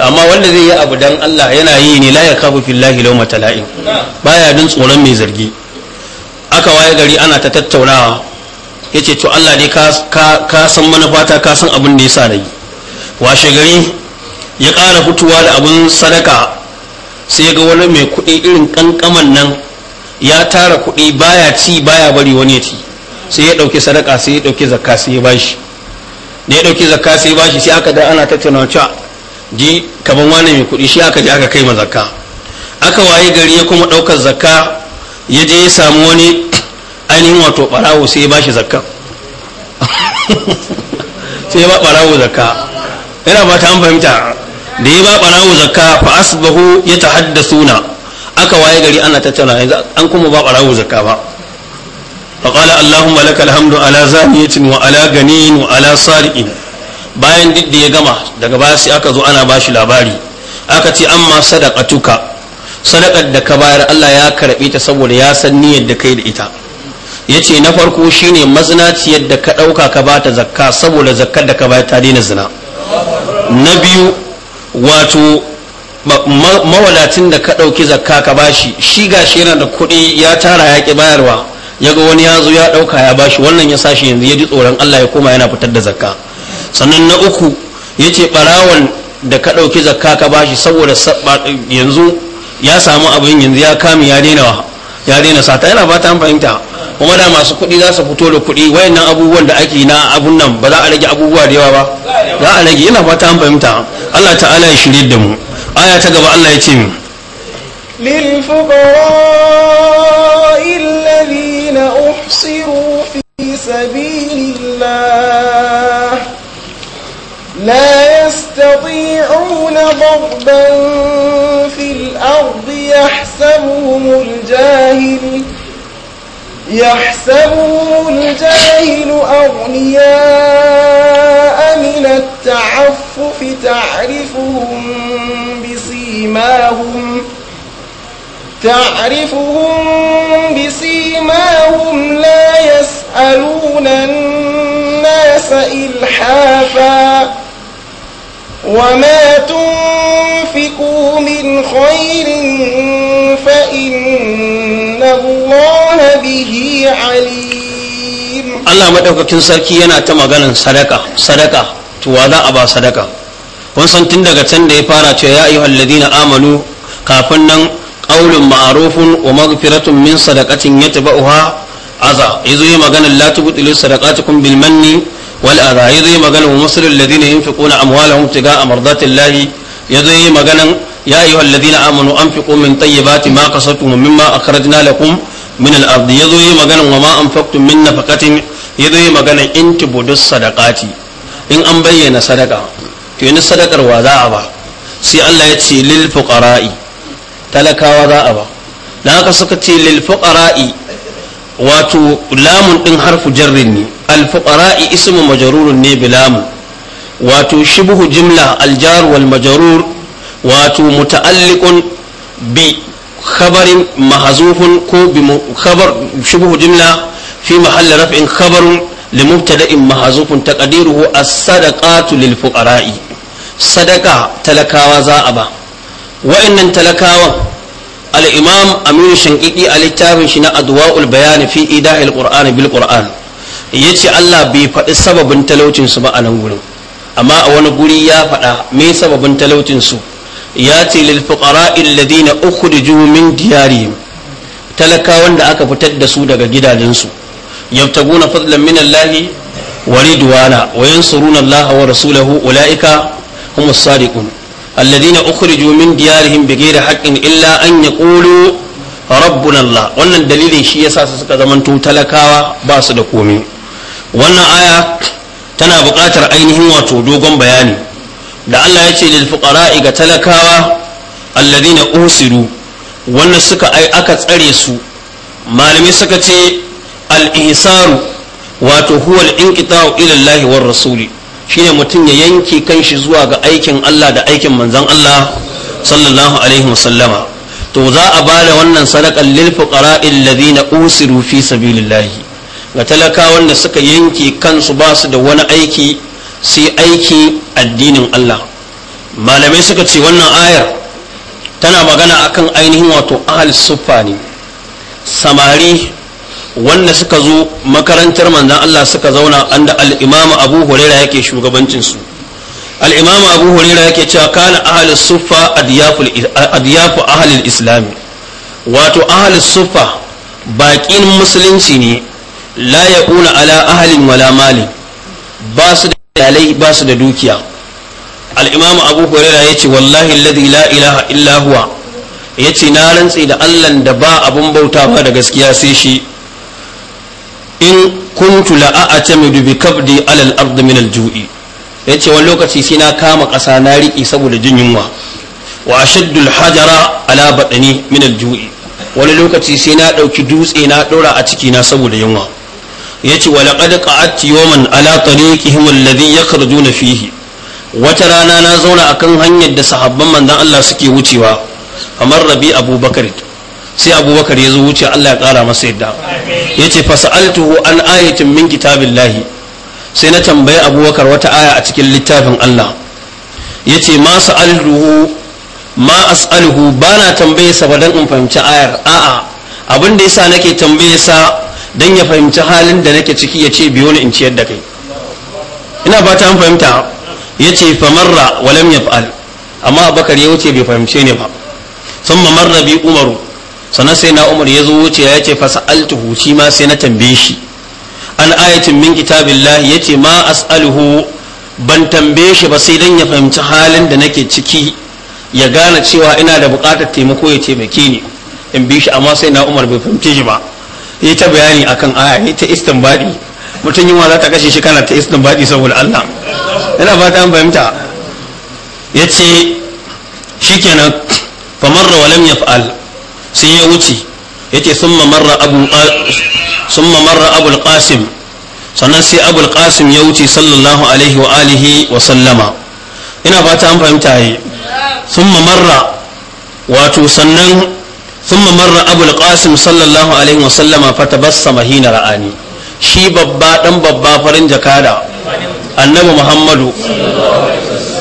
amma wanda zai yi abu dan Allah yana yi ne la yakafu fillahi lawma tala'in baya dun tsoron mai zargi aka waye gari ana ta tattaunawa yace to Allah dai ka san fata ka san abin da yasa nayi washe gari ya kara fitowa da abin sadaka sai ga wani mai kuɗi irin kankaman nan ya tara kuɗi baya ci baya bari wani ya ci sai ya ɗauki sadaka sai ya ɗauki zakka sai ya bashi da ya ɗauki zakka sai ya bashi sai aka da ana tattauna cewa ji kaman wani mai kuɗi shi aka je aka kai ma zakka aka waye gari ya kuma ɗaukar zakka ya je ya samu wani ainihin wato ɓarawo sai ya bashi zakka sai ya ba ɓarawo zakka yana ba ta an fahimta da ya ba ɓarawo zakka fa asbahu ya suna. aka waye gari ana tattauna yanzu an kuma ba barawo zakka ba allahumma فقال اللهم ala zaniyatin wa ala ganin wa ala salihin bayan diddi ya gama daga baya sai aka zo ana bashi labari aka ce amma sadaqatuka sadaqar da ka bayar Allah ya karbe ta saboda ya san niyyar da kai da ita yace na farko shine maznaciyar da ka dauka ka bata zakka saboda zakkar da ka bayar ta daina zina na biyu wato mawalacin da ka ɗauki zakka ka bashi shi gashi yana da kuɗi ya tara ya ƙi bayarwa ya ga wani ya zo ya ɗauka ya bashi wannan ya sa shi yanzu ya ji tsoron Allah ya koma yana fitar da zakka sannan na uku ya ce ɓarawon da ka ɗauki zakka ka bashi saboda yanzu ya samu abin yanzu ya kame ya daina ya daina sata yana ba ta fahimta kuma da masu kuɗi za su fito da kuɗi wayannan abubuwan da ake na abun nan ba za a rage abubuwa da yawa ba za a rage yana fata ta fahimta Allah ta'ala ya shirye da mu آية تقبع الله Allah للفقراء الذين أحصروا في سبيل الله لا يستطيعون ضربا في الأرض يحسبهم الجاهل يحسبهم الجاهل أغنياء من التعفف تعرفهم بسيماهم تعرفهم بسيماهم لا يسألون الناس إلحافا وما تنفقوا من خير فإن الله به عليم الله مدوكاكين سركي yana ta maganar sadaka sadaka to wa za a ba sadaka wasan tun daga can da ya fara cewa ya ayyuhal ladina amanu kafin nan qaulun ma'rufun wa maghfiratun min sadaqatin yatba'uha aza yazo yi maganar la tubtilu sadaqatukum bil manni wal adha yazo yi maganar musulul ladina yunfiquna amwalahum tiga'a mardatillahi yazo yi magana ya ayyuhal ladina amanu anfiqu min tayyibati ma kasabtum mimma akhrajna lakum min al ardi yazo yi magana wa ma anfaqtum min nafaqatin yazo yi magana intibudus tubudus sadaqati in an bayyana sadaqa to sadakar wa za a ba sai Allah ya ce lil fuqara'i talakawa za a ba dan haka suka ce lil fuqara'i wato lamun din harfu jarrin ne al fuqara'i ismu majrurun ne bi lamun wato shibhu jimla al jar wal majrur wato muta'alliqun bi khabarin mahzufun ko bi khabar shibhu jimla fi mahalli raf'in khabarun لمبتدا محذوف تقديره الصدقات للفقراء sadaka talakawa za a ba wa'annan talakawan al'imam aminu shankiki a littafin shi na adwa'ul bayani fi ida il-qur'an bil qur'an ya ce allah bai faɗi sababin talaucinsu ba a nan gurin amma a wani guri ya faɗa me sababin talaucinsu ya ce lil fuqara uku da min diyari talakawan da aka fitar da su daga gidajensu yabtaguna fadlan min allahi wa ridwana wa yansuruna allaha wa rasulahu ulaika هم الصادقون الذين domin من ديارهم بغير حق إلا أن يقولوا ربنا الله wannan dalilin shi yasa su suka zaman talakawa ba su da komai wannan aya tana bukatar ainihin wato dogon bayani da Allah ya ce lil fuqara'i ga talakawa alladhina usiru wannan suka aka tsare su malami suka ce al ihsaru wato huwal al inqita'u ila Allah war rasuli shine mutum ya yanke kanshi zuwa ga aikin Allah da aikin manzon Allah sallallahu alaihi wasallama to za a bada wannan sadakan lil fuqara alladhina usiru fi sabilillahi ga talakawan da suka yanke kansu ba su da wani aiki sai aiki addinin Allah malamai suka ce wannan ayar tana magana akan ainihin wato ahli suffa ne samari wanda suka zo makarantar manzan Allah suka zauna anda al abu huraira yake shugabancinsu al abu huraira yake cewa kana ahli suffa adiyafu ahli islami wato ahli suffa baƙin musulunci ne la yaquna ala ahalin wala mali ba su da yalai ba su da dukiya al-imamu abu huraira yace wallahi alladhi la ilaha illa huwa ya ce na rantse da allan da ba abun ba da gaskiya sai shi in kuntu la'atamidu bi kabdi alal ardi min al ya yace wani lokaci sai na kama ƙasa na riƙe saboda jin yunwa wa ashaddul hajara ala badani min al wani lokaci sai na ɗauki dutse na ɗora a ciki na saboda yunwa yace wa laqad qa'adtu yawman ala tariqihim alladhi yakhrujuna fihi wata rana na zauna akan hanyar da sahabban manzon Allah suke wucewa kamar Rabi Abubakar sai abubakar ya zo wuce allah ya kara masa yadda ya ce fasa'altuhu an ayatin min kitabillahi sai na tambayi abubakar wata aya a cikin littafin allah ya ce ma sa'altuhu ma as'aluhu ba na tambaye sa ba don in fahimci ayar a'a abin da yasa nake tambaye sa don ya fahimci halin da nake ciki ya ce biyo ni in ciyar da kai ina ba ta fahimta ya ce famarra walam yaf'al amma abubakar ya wuce bai fahimce ni ba sun mamarra bi umaru sannan sai na umar ya zo wuce ya ce fasa'altuhu shi ma sai na tambaye shi an ayatin min Lahi ya ce ma as'aluhu ban tambaye shi ba sai dan ya fahimci halin da nake ciki ya gane cewa ina da buƙatar taimako ya taimake ni in bi shi amma sai na umar bai fahimce shi ba ya ta bayani akan aya ya ta istinbadi mutum yunwa za ta kashe shi kana ta istinbadi saboda Allah yana fata an fahimta ya ce shikenan famar wa ya yaf'al Sun ya wuce ya ce sun mamarra abul qasim sannan sai abul qasim ya wuce sallallahu alaihi wa alihi wa sallama ina fata an fahimta yi sun mamarra wato sannan sun mamarra abul qasim sallallahu alaihi wa sallama fata bassa mahina ra'ani shi babba dan babba farin jakada annabi muhammadu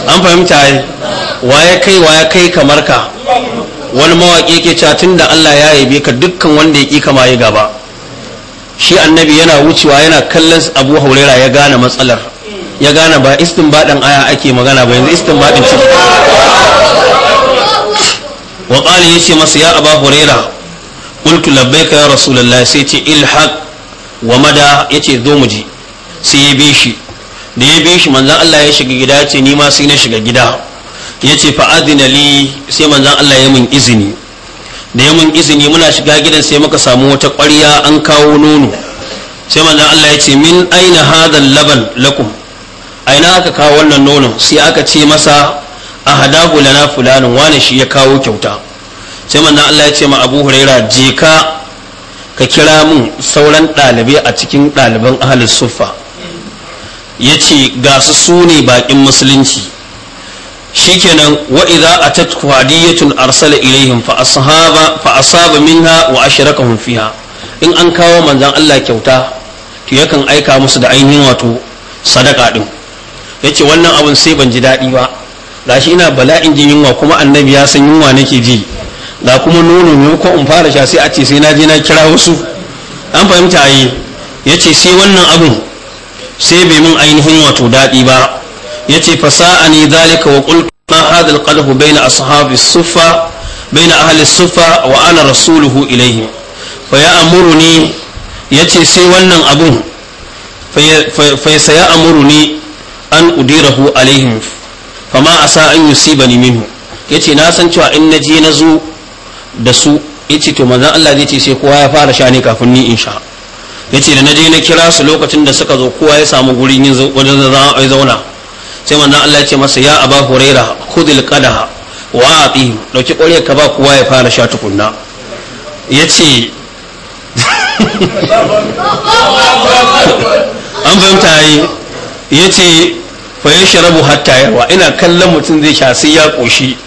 an fahimta yi ya kai wa ya kai kamar ka wani mawaƙi yake tun da Allah ya yabe ka dukkan wanda ya ƙi kama yi gaba shi annabi yana wucewa yana kallon Abu Huraira ya gane matsalar ya gane ba baɗin aya ake magana ba yanzu baɗin ciki wa ya ce masa ya Abu Huraira qultu labbaika ya rasulullah sai ce ilhaq wa mada ce zo mu ji sai ya bi shi da ya bi shi manzon Allah ya shiga gida ce ni ma sai na shiga gida yace fa adina li sai manzan Allah ya mun izini da ya mun izini muna shiga gidan sai muka samu wata ƙwarya an kawo nono sai manzan Allah ya ce min aina hadal laban lakum aina aka kawo wannan nono sai aka ce masa a hadahu lana fulanin wane shi ya kawo kyauta sai manzan Allah ya ce ma Abu Huraira je ka ka kira mun sauran ɗalibai a cikin ɗaliban ahalin suffa yace ce ga su su ne baƙin musulunci shikenan wa idza atat qadiyatun arsala ilaihim fa ashaba fa asaba minha wa ashrakahum fiha in an kawo manzan Allah kyauta to yakan aika musu da ainihin wato sadaka din yace wannan abun sai ban ji daɗi ba gashi ina bala'in jin yunwa kuma annabi ya san yunwa nake ji da kuma nono ne ko in fara sha sai a ce sai na je na kira wasu an fahimta yi yace sai wannan abun sai bai min ainihin wato daɗi ba yace fasa'ani dhalika wa qultu ma hadha alqadhu bayna ashabi as bayna ahli as wa ana rasuluhu ilayhi fa ya'muruni yace sai wannan abun fa saya amuruni an udirahu alaihim fama asa an yusibani minhu yace na san cewa in naje na zo da su yace to manzon Allah zai ce sai kowa ya fara sha kafin ni insha yace da naje na kira su lokacin da suka zo kowa ya samu gurin yin wajen da a zauna sai manzon Allah ya ce masa ya aba huraira khudil qadaha wa ati dauki ƙwarya ka ba kowa ya fara sha tukunna yace an fahimta yi yace fa yashrabu hatta yawa ina kallon mutum zai sha sai ya koshi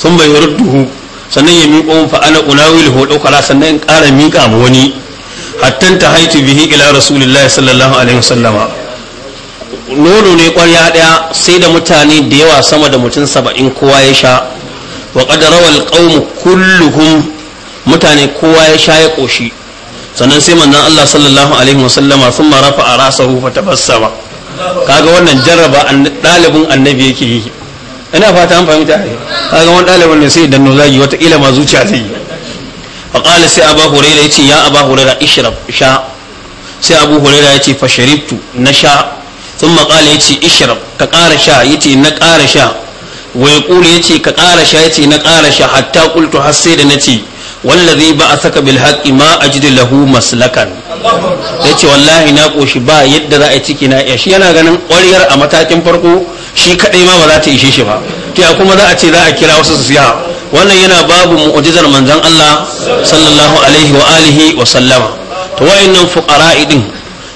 sun bai rudduhu sannan ya miƙo fa ana unawil hodo kala sannan in ƙara miƙa mu wani hatta ta haitu bihi ila rasulullahi sallallahu alaihi wasallama nono ne kwarya daya sai da mutane da yawa sama da mutum saba'in kowa ya sha wa qadarawal qawmu kulluhun mutane kowa ya sha ya koshi sannan sai manzan Allah sallallahu alaihi wasallama sun marafa a rasahu fa tabassama kaga wannan jarraba dalibin annabi yake yi ina fata an fahimta ne kaga wani dalibin ne sai idan nuzagi wata ma zuciya zai yi fa qala sai abu ya ce ya abu hurairah ishrab sha sai abu hurairah yace fa sharibtu na sha sun maƙala yace ce ishirab ka ƙara sha ya na ƙara sha wa ya ƙula ka ƙara sha ya na ƙara sha hatta ƙultu har sai da na ce zai ba a saka bil ma a jidi lahu maslakan ya ce wallahi na ƙoshi ba yadda za a ciki na ya shi yana ganin ƙwariyar a matakin farko shi kaɗai ma ba za ta ishe shi ba ta kuma za a ce za a kira wasu su siya wannan yana babu mu'ujizar manzon Allah sallallahu alaihi wa alihi wa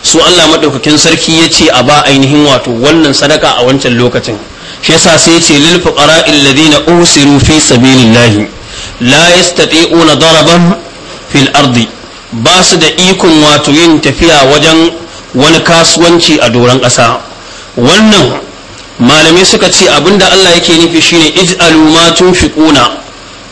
su Allah madaukakin sarki ya ce a ba ainihin wato wannan sadaka a wancan lokacin shi yasa sai ya ce lil fuqara alladhina usiru fi sabilillahi la yastati'una daraban fil ardi ba su da ikon wato yin tafiya wajen wani kasuwanci a doron ƙasa wannan malamai suka ce abinda Allah yake nufi shine ij'alu ma tunfiquna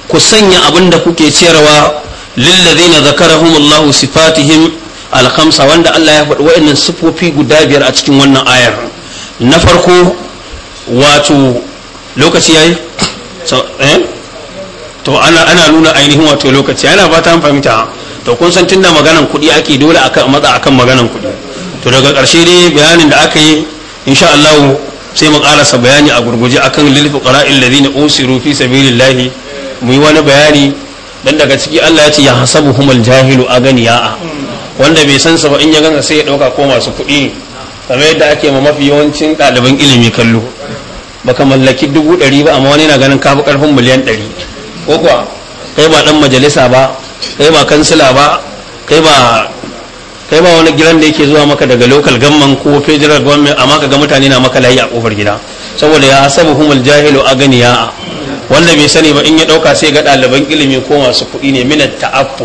ku sanya abinda kuke ciyarwa lillazina zakarahumullahu sifatihim alkhamsa wanda Allah ya faɗi wa'annan sifofi guda biyar a cikin wannan ayar na farko wato lokaci yayi eh? to ana ana nuna ainihin wato lokaci ana ba ta fahimta to kun san tunda maganan kuɗi ake dole aka matsa akan maganan kuɗi to daga ƙarshe dai bayanin da aka yi insha Allah sai mu karasa bayani a gurguje akan lil fuqara alladhina usiru fi sabilillahi mu yi wani bayani dan daga ciki Allah ya ce ya hasabuhumul jahilu aganiya'a wanda bai san sa ba in ya ganga sai ya dauka ko masu kuɗi ne kamar yadda ake ma mafi yawancin ɗaliban ilimi kallo baka mallaki dubu ɗari ba amma wani na ganin kafi ƙarfin miliyan ɗari ko kuwa kai ba ɗan majalisa ba kai ba kansila ba kai ba kai ba wani gidan da yake zuwa maka daga local gamman ko federal government amma kaga mutane na maka layi a kofar gida saboda ya humul jahilu aganiya wanda bai sani ba in ya dauka sai ga ɗaliban ilimi ko masu kuɗi ne minat ta'affu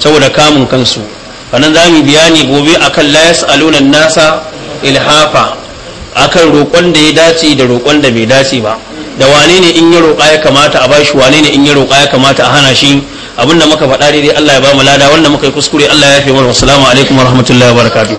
saboda kamun kansu sannan za mu bayani gobe akan la yas'aluna nasa ilhafa akan roƙon da ya dace da roƙon da bai dace ba da wane ne in ya roƙa ya kamata a bashi wane ne in ya roƙa ya kamata a hana shi abinda muka faɗa dai Allah ya ba mu lada wanda muka yi kuskure Allah ya fi mana wassalamu alaikum wa wabarakatuh